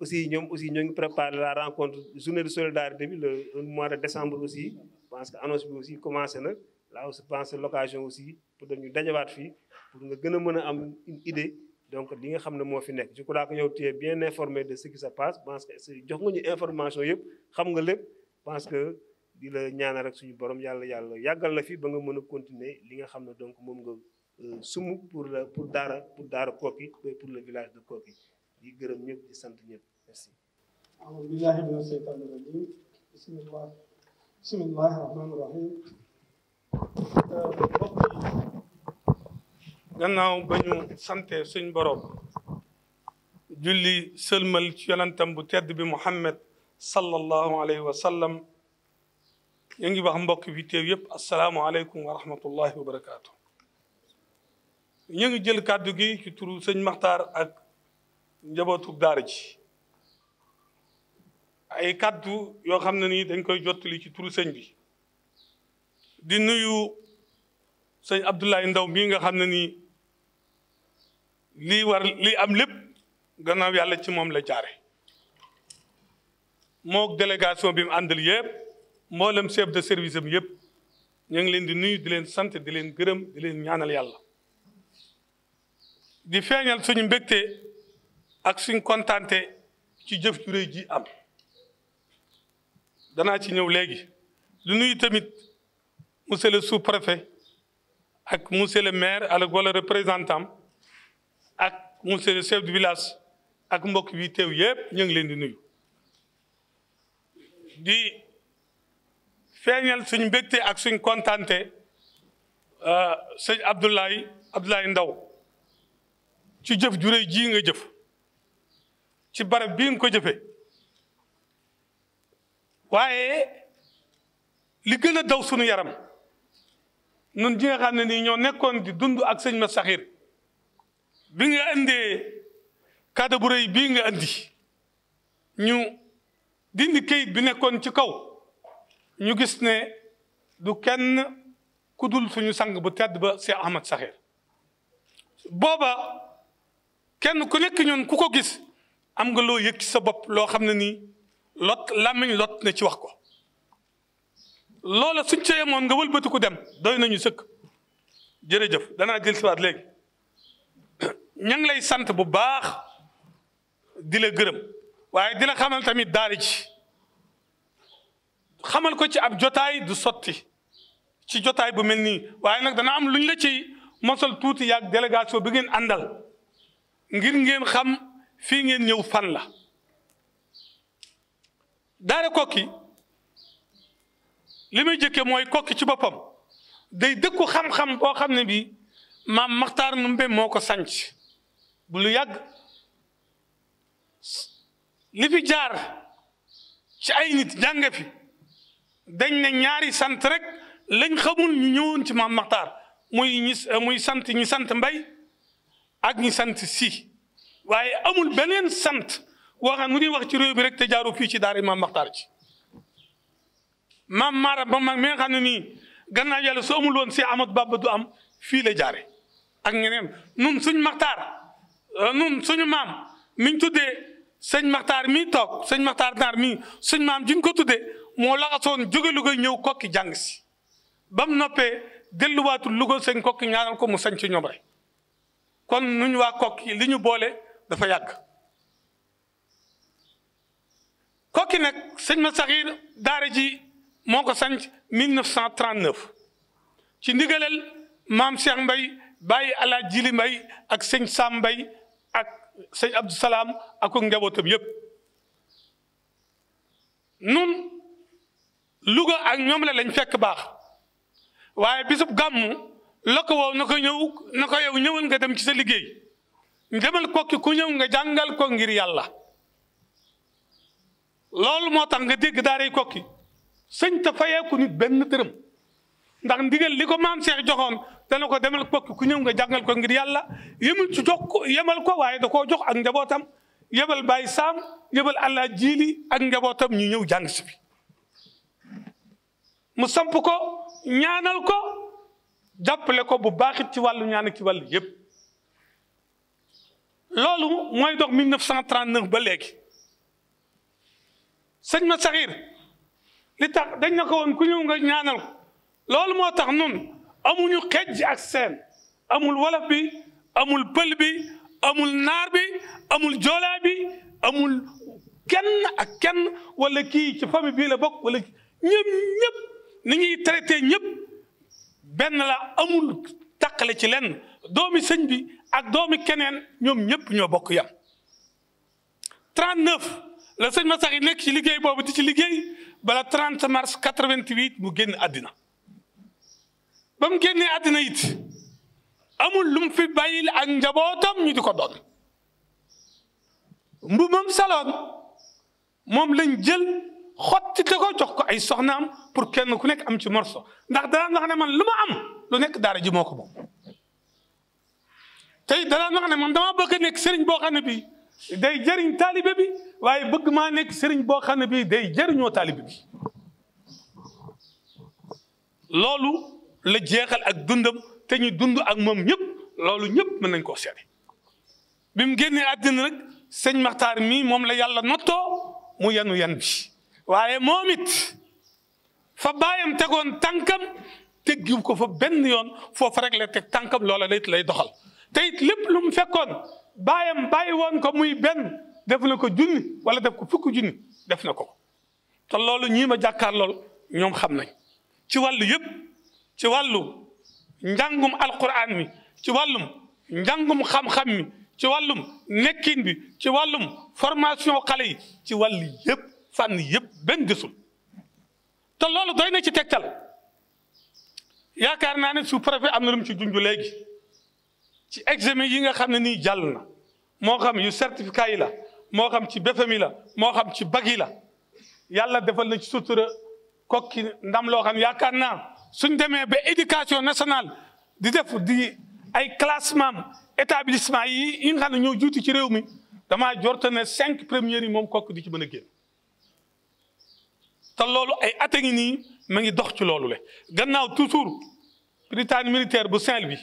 aussi ñoom aussi ñoo ngi préparé la rencontre journée de solidarité bi le mois de décembre aussi parce que annonce bi aussi commencé na là aussi pense l'occasion aussi pour que ñu dajawaat fii pour nga gën a mën a am une idée donc li nga xam ne moo fi nekk je crois que yow tu es de se passe parce que jox nga ñu information yëpp xam nga lépp pense que di la ñaanal rek suñu borom yàlla yàlla yàggal la fii ba nga mën a continuer li nga xam ne donc moom nga euh, sumu pour la pour daara pour daara Koki pour le village de Koki di gërëm ñëpp di sant ñëpp merci. Euh, gannaaw ba ñu sante suñu borom. julli sëlmal ci yonantam bu tedd bi Muhammad sallallahu alayhi wa sallam ñu ngi wax mbokk bi teew yëpp asalaamualeykum wa rahmatullahi wa barakaatu. ñu ngi jël kàddu gi ci turu sëñ Maxtaar ak njabootu daar ji ay kàddu yoo xam ne nii dañ koy jottali ci turu sëñ bi di nuyu sëñ Abdoulaye Ndaw mii nga xam ne ni lii war lii am lépp gannaaw yàlla ci moom la jaare mook délégation bi mu àndal yëpp mboolem chef de service am yëpp ñu ngi leen di nuyu di leen sant di leen gërëm di leen ñaanal yàlla di feeñal suñu mbégte ak suñ kontante ci jëf ju ji am danaa ci ñëw léegi di nuyu tamit monsieur le sous ak monsieur le maire ak wala représentant ak monsieur le chef du village ak mbokk bi teew yëpp ñu ngi leen di nuyu di feeñal suñ mbégte ak suñ kontante euh, sëñ Abdoulaye Abdoulaye Ndaw ci jëf ju réy nga jëf ci barab bii nga ko jëfe waaye li gën a daw suñu yaram nun ji nga xam ne ñoo nekkoon di dund ak sëñ ma saxir bi nga indee kàddu bu réy bii nga indi ñu dindi kayit bi nekkoon ci kaw ñu gis ne du kenn ku dul suñu sang bu tedd ba Cheikh Ahmad Saxir booba kenn ku nekk ñoon ku ko gis am nga loo yëg ci sa bopp loo xam ne nii lot làmmiñ lot ne ci wax ko loola suñ ca moon nga wëlbatiku dem doy nañu sëkk jërëjëf danaa jël siwaat léegi [coughs] ña ngi lay sant bu baax di la gërëm waaye dina xamal tamit daara ji xamal ko ci ab jotaay du sotti ci jotaay bu mel nii waaye nag dana am luñ la ci mosol tuuti yaag délégation bi ngeen àndal ngir ngeen xam fii ngeen ñëw fan la daara kokki li muy jëkke mooy kokki ci boppam day dëkku xam-xam boo xam ne bi maam maxtaar numbe moo ko sanc bu lu yàgg li jaar ci ay nit jànge dañ ne ñaari sant rek lañ xamul ñu ñëwoon ci maam Maxtaar muy muy sant ñi sant mbay ak ñi sant si waaye amul beneen sant waxaan mu di wax ci réew bi rek te jaaru fii ci daara maam Maxtaar ci maam Maara ba mag mi nga xam ne nii su amul woon si Amadou Bamba du am fii la jaare ak ñeneen nun suñ Maxtaar euh, nun suñu maam miñ tuddee sëñ Maxtaar mii toog sëñ Maxtaar naar mii suñ maam juñ ko tuddee moo laxasoon jóge Louga ñëw kokki jàng si ba mu noppee delluwaatul Louga sëñ kokki ñaanal ko mu sañ ci ñoom kon nuñ waa kokki li boole dafa yàgg kokki nag sëñ ma saxiir daara ji moo ko sanc 1939 ci ndigalel maam Cheikh Mbay bàyyi alaaj Jili Mbay ak sëñ saam Mbay sëñ a Salaam ak ko njabootam yëpp nun Louga ak ñoom la lañ fekk baax waaye bisub gàmmu la ko woo na ko ñëw yow ñëwal nga dem ci sa liggéey demal kokki ku ñëw nga jàngal ko ngir yàlla loolu moo tax nga dégg daaray kokki sëñ ta fayeeku nit benn dërëm ndax ndigal li ko maam Cheikh joxoon dana ko demal bokk ku ñëw nga jàngal ko ngir yàlla yemul ci jox ko yemal ko waaye da koo jox ak njabootam yebal Baye Sam yebal allah jiili ak njabootam ñu ñëw jàng si mu samp ko ñaanal ko jàppale ko bu baaxit ci wàllu ñaan ak ci wàllu yëpp loolu mooy dox 1939 ba léegi sëñ ma saxiir li tax dañ na ko woon ku ñëw nga ñaanal loolu moo tax nun amuñu xejj ak seen amul wolof bi amul pël bi amul naar bi amul joolaa bi amul kenn ak kenn wala kii ci famille bii la bokk wala ñëpp ñëpp ni ñuy traité ñëpp benn la amul taqale ci lenn doomi sëñ bi ak doomi keneen ñoom ñëpp ñoo bokk yam 39 la sëñ Massax yi nekk ci liggéey boobu di ci liggéey bala 30 mars 88 mu génn àddina bam mu génnee àddina yit amul lu mu fi bàyyil ak njabootam ñu di ko mbu mbubam saloon moom lañ jël xotti te ko jox ko ay soxnaam pour kenn ku nekk am ci morso ndax danaan wax ne man lu ma am lu nekk daara ji moo ko moom tey danaan wax ne man dama bëgg a nekk sëriñ boo xam ne day jëriñ taalibe bi waaye bëgg maa nekk sëriñ boo xam ne bii day jëriñoo taalibe bi loolu la jeexal ak dundam te ñu dund ak moom ñëpp loolu ñëpp mën nañ koo seede bi mu génnee àddina nag sëñ Maxtaar mii moom la yàlla nottoo mu yanu yan waaye moom it fa baayam tegoon tànkam teggiw ko fa benn yoon foofu rek la teg tànkam loola lay lay doxal te it lépp lu mu fekkoon baayam bàyyi woon ko muy benn def na ko junni wala def ko fukk junni def na ko te loolu ñii ma jàkkaar lool ñoom xam nañ ci wàllu yépp ci wàllu njàngum alquran mi ci wàllum njàngum xam-xam mi ci wàllum nekkin bi ci wàllum formation xale yi ci wàllu yëpp fànn yëpp benn gisul te loolu doy na ci tegtal yaakaar naa ne sous préfet am na lu ci junj léegi ci examen yi nga xam ne nii jàll na moo xam yu certificat yi la moo xam ci BFEM yi la moo xam ci bag yi la yàlla defal na ci sutura kokki ndam loo xam yaakaar naa suñ demee ba éducation nationale di def di ay classement établissement yi yi nga xam ne ñoo juuti ci réew mi damaa jorte ne cinq premières yi moom kooku di ci mën a génn te loolu ay at ngi nii ma ngi dox ci loolu le gannaaw toujours Prytanée militaire bu saint bi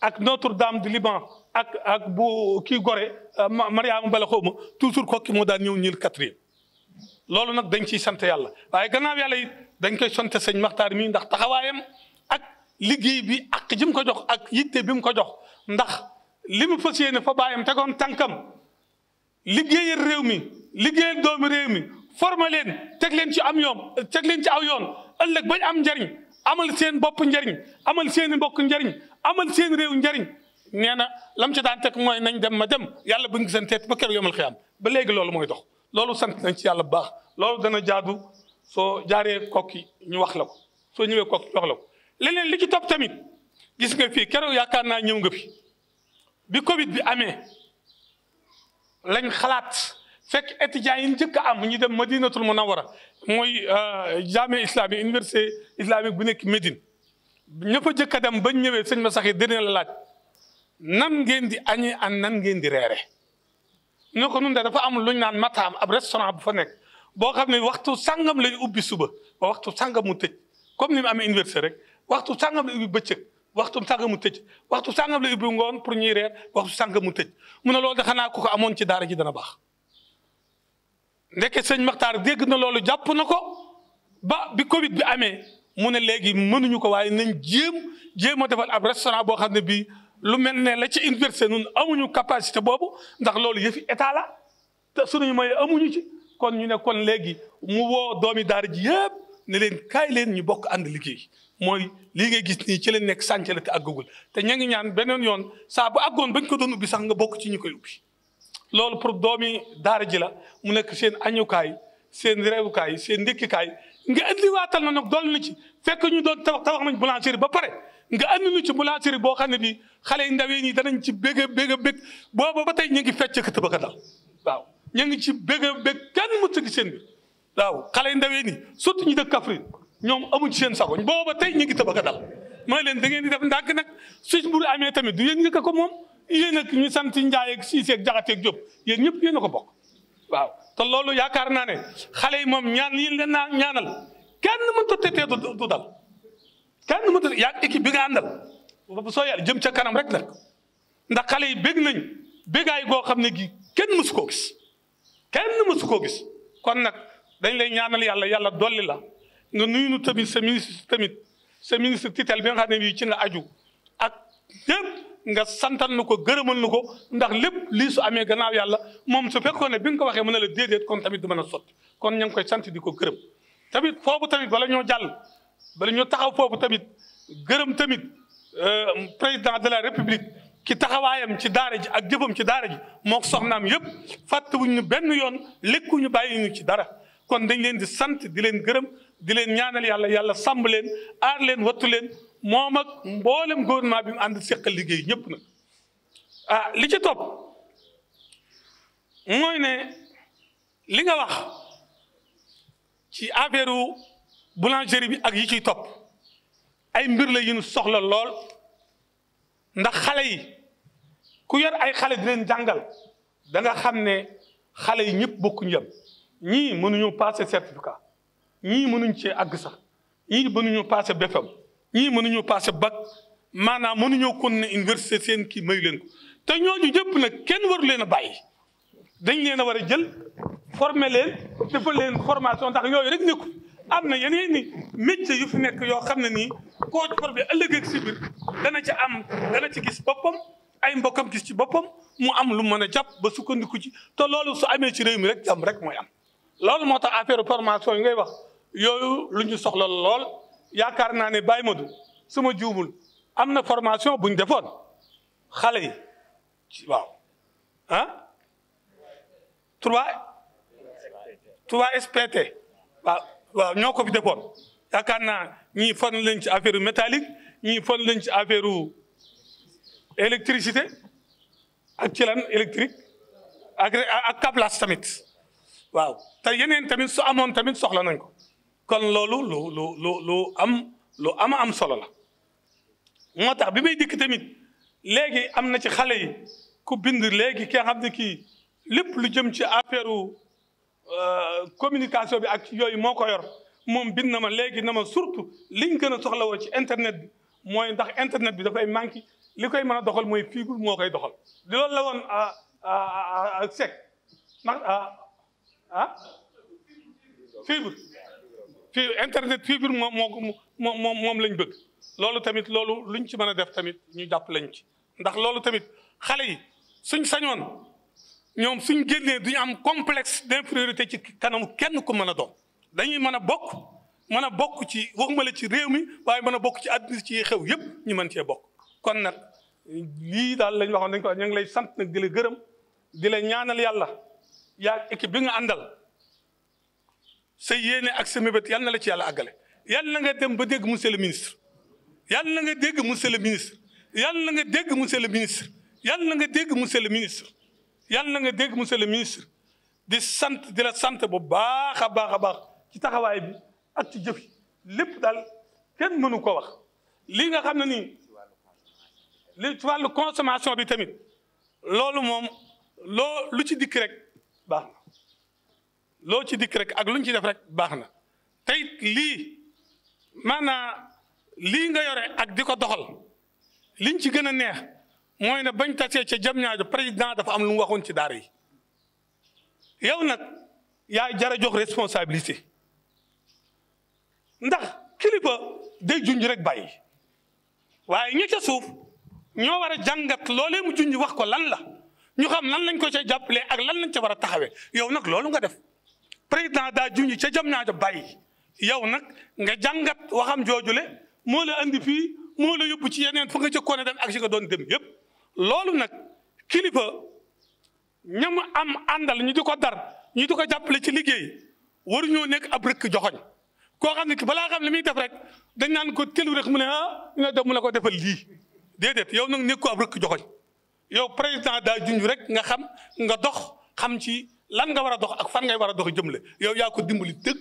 ak Notre-Dame di Liban ak ak bu kii Gorée euh, Mariama Bala xaw ma toujours kooku moo daan ñëw ñil quatrième loolu nag dañ ciy sant yàlla gannaaw yàlla dañ koy sonte sëñ Maxtaar mii ndax taxawaayam ak liggéey bi ak ji mu ko jox ak yitte bi mu ko jox ndax li mu fas yéene fa bàyyam tegoon tànkam liggéeyal réew mi liggéeyal doomi réew mi former leen teg leen ci am yoon teg leen ci aw yoon ëllëg bañ am njariñ amal seen bopp njariñ amal seen i mbokk njariñ amal seen réew njariñ nee na lam ci daan teg mooy nañ dem ma dem yàlla bu ñu gisanteet ba kër yomal xiyam ba léegi loolu mooy dox loolu sant ci yàlla bu baax loolu dana jaadu soo jaaree kokki ñu wax la soo ñëwee kokki ñu wax la ko leneen li ci topp tamit gis nga fii keroog yaakaar naa ñëw nga fi bi Covid bi amee lañ xalaat fekk étudiants yi njëkk a am ñu dem Madinatul Munawwara mooy euh, jaamee islamique université islamique bu nekk medin ña fa njëkk a dem bañ ñëwee sëñ ma sax yi dina la laaj nan ngeen di añee an nan ngeen di reere ñu ko nun de dafa am luñ naan mataam ab restaurant bu fa nekk boo xam ne waxtu sàngam lañu ubbi suba waxtu sàngam mu tëj comme ni mu amee université rek waxtu sàngam la ubbi bëccëg waxtu sàngam mu waxtu sàngam la ngoon pour ñuy reer waxtu sàngam mu tëj mu ne loolu de xanaa ku ko amoon ci daara ji dana baax ndeke sëñ Maxtaar dégg na loolu jàpp na ko ba bi Covid bi amee mu ne léegi mënuñu ko waaye nañ jéem jéem a defal ab restaurant boo xam ne bii lu mel ne la ci université nun amuñu capacité boobu ndax loolu yëfi ta la te suñu mooy amuñu ci. kon ñu ne kon léegi mu woo doomi daara ji yëpp ne leen kaay leen ñu bokk ànd liggéey mooy lii ngay gis nii ci leen nekk sànce la te àggagul te ña ngi ñaan beneen yoon saa bu àggoon bañ ko doon ubbi sax nga bokk ci ñu koy ubbi loolu pour doomi daara ji la mu nekk seen añukaay seen reewukaay seen ndékkikaay ngi indi waatal na nag dool na ci fekk ñu doon tabax tabax nañ boulangerie ba pare nga andi nu ci boulangerie boo xam ne bi xale yi ndaw yi danañ ci bégg a bégg booba ba tey ñu ngi fecc ka tëbaka dal waaw ñu ngi ci bëgg a bëgg kenn mu tëgg seen bi waaw xale yu ndawee nii surtout ñu dëkk Kaffrine ñoom amuñ ci seen sago booba tey ñu ngi tëbaka dal mooy leen da ngeen di def ndànk nag suñ amee tamit du yéen njëkk ko moom yéen ak ñu sant Njaay ak Siise ak Jaxate ak Jóob yéen ñëpp yéen a ko bok waaw te loolu yaakaar naa ne xale yi moom ñaan yi leen naa ñaanal kenn mënut a tëtee du dal kenn mënut a yaag équipe bi nga àndal soo yàlla jëm ca kanam rek nag ndax xale yi bég nañ bégaay goo xam ne gi kenn mësu koo kenn mësu koo bis kon nag dañ lay ñaanal yàlla yàlla dolli la nga nuyu nu tamit sa ministre tamit sa ministre tutelle bi nga xam ci nga aju ak lépp nga santal nu ko gërëmal nu ko ndax lépp lii su amee gannaaw yàlla moom su fekkoon ne bi nga ko waxee mën na la déedéet kon tamit du mën a sotti kon ña ngi koy sant di ko gërëm tamit foofu tamit wala ñoo jal bala ñoo taxaw foofu tamit gërëm tamit euh, président de la république ci taxawaayam ci daara ji ak jëfam ci daara ji moo soxnaam yëpp fàttewuñu benn yoon lekkuñu bàyyiñu ci dara kon dañ leen di sant di leen gërëm di leen ñaanal yàlla yàlla sàmb leen aar leen wattu leen moom ak mboolem gouvernement bi mu ànd seqal liggéey ñépp nag ah li ci topp mooy ne li nga wax ci affaire boulangerie bi ak yi ciy topp ay mbir la yu soxla lool ndax xale yi ku yor ay xale di leen jàngal da nga xam ne xale yi ñëpp bokkuñu yem ñii mënuñu passé certificat ñii mënuñ cee àgg sax ñii mënuñu passé BFEM ñii mënuñu passé bac maanaam mënuñoo kon ne université seen kii mayu leen ko te ñooñu ñëpp nag kenn waru leen a bàyyi dañ leen a war a jël former leen defal leen formation ndax yooyu rek ku am na yeneen ni yu fi nekk yoo xam ne nii koo formé ëllëg ak si biir dana ci am na ci gis boppam ay mbokkam gis ci boppam mu am lum mën a jàpp ba sukkandiku ci te loolu su amee ci réew mi rek jàmm rek mooy am loolu moo tax affaire formation yi ngay wax yooyu lu ñu soxla lool yaakaar naa ne bàyyi ma du sama juumul am na formation buñ defoon xale yi ci waaw ah trois trois SPT waaw ñoo ko fi defoon yaakaar naa ñii fon lañ ci affaire métallique ñii fon lañ ci affaire électricité ak ci lan électrique ak ak câblage tamit waaw te yeneen tamit su amoon tamit soxla nañ ko kon loolu lu lu am lu am lu am solo la moo tax bi may dikk tamit léegi am na ci xale yi ku bind léegi ki nga xam ne kii lépp lu jëm ci affaire euh, communication bi ak yooyu moo ko yor moom bind na ma léegi na ma surtout liñ gën a soxla woo ci internet bi mooy ndax internet bi dafay manqué li koy mën a doxal mooy figur moo koy doxal di loolu la woon ah, ah, ah, sec ndax ah fibre fibre internet fibre moom moom moom lañ bëgg loolu tamit loolu luñ ci mën a def tamit ñu jàpp lañu ci ndax loolu tamit xale yi suñ sañoon ñoom suñ génnee duñu am complexe d'infériorité ci kanamu kenn ku mën a doon dañuy mën a bokk mën a bokk ci waxuma la ci réew mi waaye mën a bokk ci àddina ci xew yépp ñu mën cee bokk kon nag lii daal lañ waxoon dañ ko ñu ngi lay sant nag di la gërëm di la ñaanal yàlla yaa équipe bi nga àndal sa yéene ak sa mébét yal na la ci yàlla àggale yal na nga dem ba dégg monsieur le ministre yal na nga dégg monsieur le ministre yal na nga dégg monsieur le ministre yal na nga dégg monsieur le ministre yal na nga dégg monsieur le ministre di sant di la sant bu baax a baax a baax ci taxawaay bi ak ci jëf yi lépp daal kenn mënu ko wax li nga xam ne nii li ci wàllu consommation bi tamit loolu moom loo lu ci dikk rek baax ci dikk rek ak lu ci def rek baax na tey lii maanaam lii nga yore ak di ko doxal liñ ci gën a neex mooy ne bañ tasee ca jam ñaajo président dafa am lu mu waxoon ci daara yi yow nag yaa jara jox responsabilité ndax kilifa day junj rek bay waaye ñi ca suuf ñoo war a jàngat loolee mu junj wax ko lan la ñu xam lan lañ ko ca jàppalee ak lan lañ ca war a taxawee yow nag loolu nga def président daa junj ca jam ñaajo bàyyi yow nag nga jàngat waxam joojule moo la andi fi moo la yóbbu ci yeneen fu nga jëkkoon a dem ak si nga doon dem yëpp loolu nag kilifa ñamu am àndal ñu di ko dar ñu di ko jàppale ci liggéey waruñoo nekk ab rëkk joxoñ koo xam ne balaa xam ne muy def rek dañ naan ko telu rek mu ne ah ñu dem mu la ko defal lii déedéet yow nag nekk ko ab rëkk joxoñ yow président daa junj rek nga xam nga dox xam ci lan nga war a dox ak fan ngay war a dox jëmle yow yaa ko dimbali dëgg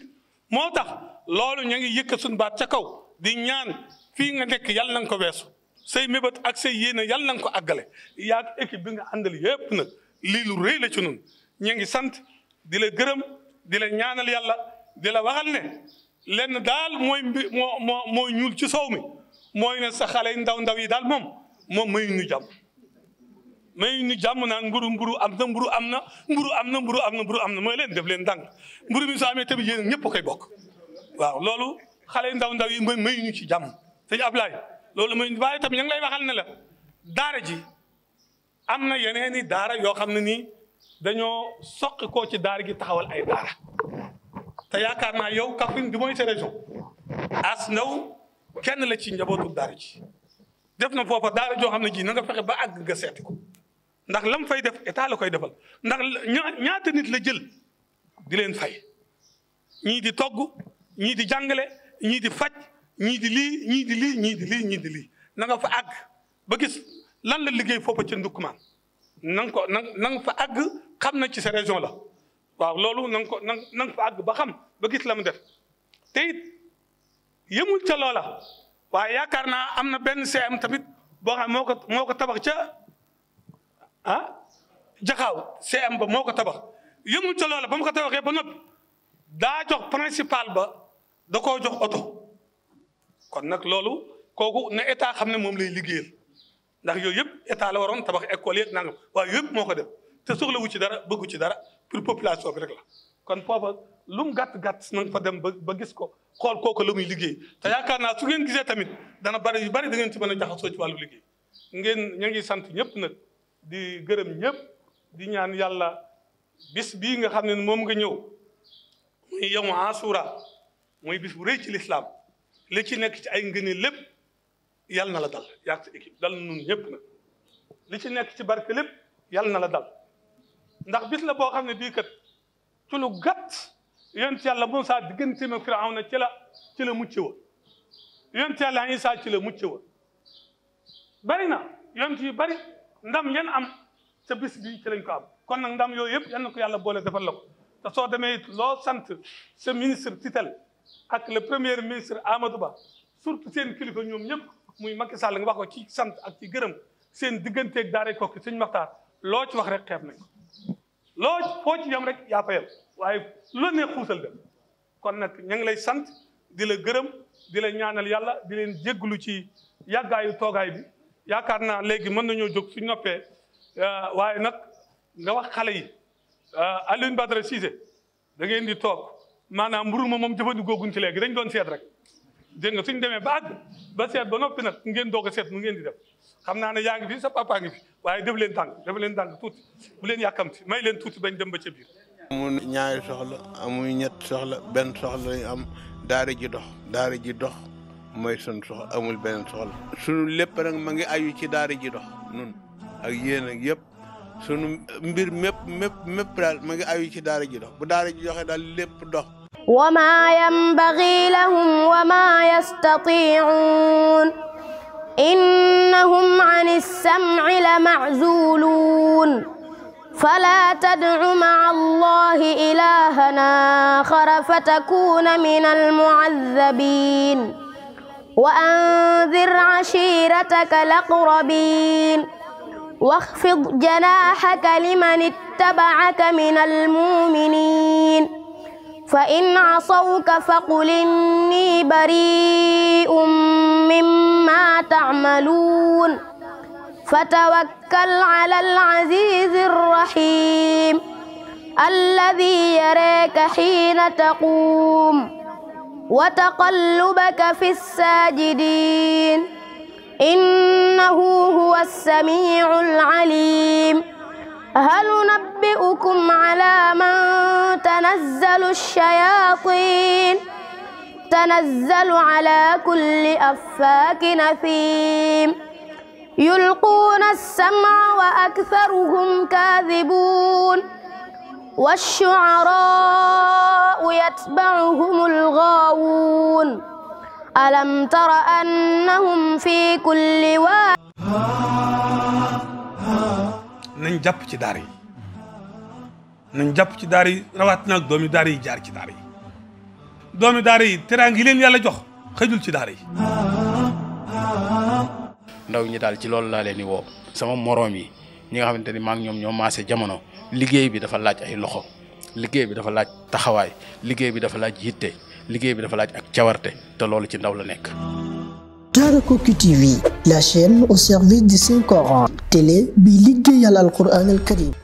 moo tax loolu ñu ngi yëkkat suñu baat ca kaw di ñaan fii nga nekk yal na nga ko weesu sey mébét ak say yéene yal na nga ko àggale yaa équipe bi nga àndal yépp nag lii lu rëy la ci nun ñu ngi sant di la gërëm di la ñaanal yàlla di la waxal ne lenn daal mooy mbi moo moo moo ñuul ci sow mi mooy ne sa xale ndaw ndaw yi daal moom moom mayuñu ñu jàmm mayuñu ñu jàmm naan mburu mburu am na mburu am na mburu am na mburu am na mburu am na mooy leen def leen ndànk mburu mi soo amee tamit yéen ñëpp koy bokk waaw loolu xale ndaw ndaw yi mooy mayuñu ci jàmm sëñ Ablaye loolu mooy waaye ña ngi lay waxal ne la daara ji am na yeneen i daara yoo xam ne nii dañoo soqi koo ci daara gi taxawal ay daara te yaakaar naa yow Kaffrine du mooy sa région as ndaw kenn la ci njabootu daara ji def na foofa daara joo xam ne ji nanga nga ba àgg nga seeti ndax lam fay def état la koy defal ndax ñaata nit la jël di leen fay ñii di togg ñii di jàngale ñii di faj ñii di lii ñii di lii ñii di lii ñii di lii na fa àgg ba gis lan la liggéey foofa ca ndukkumaan nang nga ko na na nga fa àgg xam na ci sa région la waaw loolu na ko na na fa àgg ba xam ba gis la def te yëmul ca loola waaye yaakaar naa am na benn CM tamit boo xam moo ko moo ko tabax ca ah jaxaaw CM ba moo ko tabax yëmul ca loola ba mu ko tabaxee ba noppi daa jox principal ba da koo jox oto kon nag loolu kooku na état xam ne moom lay liggéeyal ndax yooyu yëpp état la waroon tabax école yeeg nangam waaye yëpp moo ko dem te soxlawu ci dara bëggu ci dara pour population bi rek la kon foofa lu mu gàtt gàtt na nga fa dem ba ba gis ko xool kooku la muy liggéey te yaakaar naa su ngeen gisee tamit dana bari yu bari da ngeen ci mën a jaxasoo ci wàllu liggéey ngeen ñu ngi sant ñëpp nag di gërëm ñëpp di ñaan yàlla bis bii nga xam ne moom nga ñëw muy yow Ashura muy bis bu rëy ci lislaam li ci nekk ci ay ngëneel lépp yàlla na la dal yaa sa équipe dal na nun ñëpp nag li ci nekk ci barke lépp yàlla na la dal ndax bis la boo xam ne bii kat ci gat gàtt yonent yàlla Muusaa diggante ma Firawna ci la ci la mucce woon yonent yàlla Isaa ci la mucce woon bari na yonent yu bari ndam yan am ca bis bi ci lañ ko am kon nag ndam yooyu yëpp yan na ko yàlla boole defal la ko te soo demee loo sant sa ministre tutelle ak la premier ministre Amadou Ba surtout seen kilifa ñoom ñëpp muy Macky Sall nga wax ko ci sant ak ci gërëm seen diggante digganteeg daaray Koki sëñ Maxtaar loo ci wax rek xeeb nañ loo foo ci yam rek yaa fayal waaye loo ne xuusal dem kon nag ñu ngi lay sant di la gërëm di la ñaanal yàlla di leen jégglu ci yàggaayu toogaay bi yaakaar naa léegi mën nañoo jóg suñ noppee euh, waaye nag nga wax xale yi euh, Alioune Badara Cissé da ngeen di toog maanaam mburu ma moom jëfandikoo guñ ci léegi dañ doon seet rek dégg nga suñ demee ba àgg ba seet ba noppi nag ngeen doog a seet nu ngeen di def xam naa ne yaa ngi fi sa papa ngi fi waaye def leen tànk def leen tànk tuuti bu leen yàkkamti may leen tuuti bañ dem ba ca biir. amul soxla amul ñett soxla benn soxla lañu am daara ji dox daara ji dox mooy sunu soxla amul beneen soxla. sunu lépp ma ngi ayu ci daara ji dox nun ak yéen ak yëpp sunu mbir mépp mépp mépp daal ma ngi ayu ci daara ji dox bu daara ji lépp dox. wa ma yanbaghi lahum wa ma yastati'un إنهم عن السمع لمعزولون فلا تدع مع الله إلهنا آخر فتكون من المعذبين وأنذر عشيرتك الأقربين واخفض جناحك لمن اتبعك من المؤمنين فإن عصوك فقل إني بريء مما تعملون فتوكل على العزيز الرحيم الذي يراك حين تقوم وتقلبك في الساجدين إنه هو السميع العليم هل ننبئكم على من تنزل الشياطين تنزل على كل أفاك أثيم يلقون السمع وأكثرهم كاذبون والشعراء يتبعهم الغاوون ألم تر أنهم في كل واد nañ jàpp ci daar yi nañ jàpp ci daar yi rawaat naag doomi daar yi jaar ci daara yi doomi daara yi teraang yi leen yàlla jox xëjul ci daar yi ndaw ñi daal ci loolu laa leen di woo sama moroom yi ñi nga xamante ni maa ñoom ñoo maase jamono liggéey bi dafa laaj ay loxo liggéey bi dafa laaj taxawaay liggéey bi dafa laaj yitte liggéey bi dafa laaj ak cawarte te loolu ci ndaw la nekk Daarakoki TV la chaîne au service du Saint Coran télé bi liggéeyal al Quran al Karim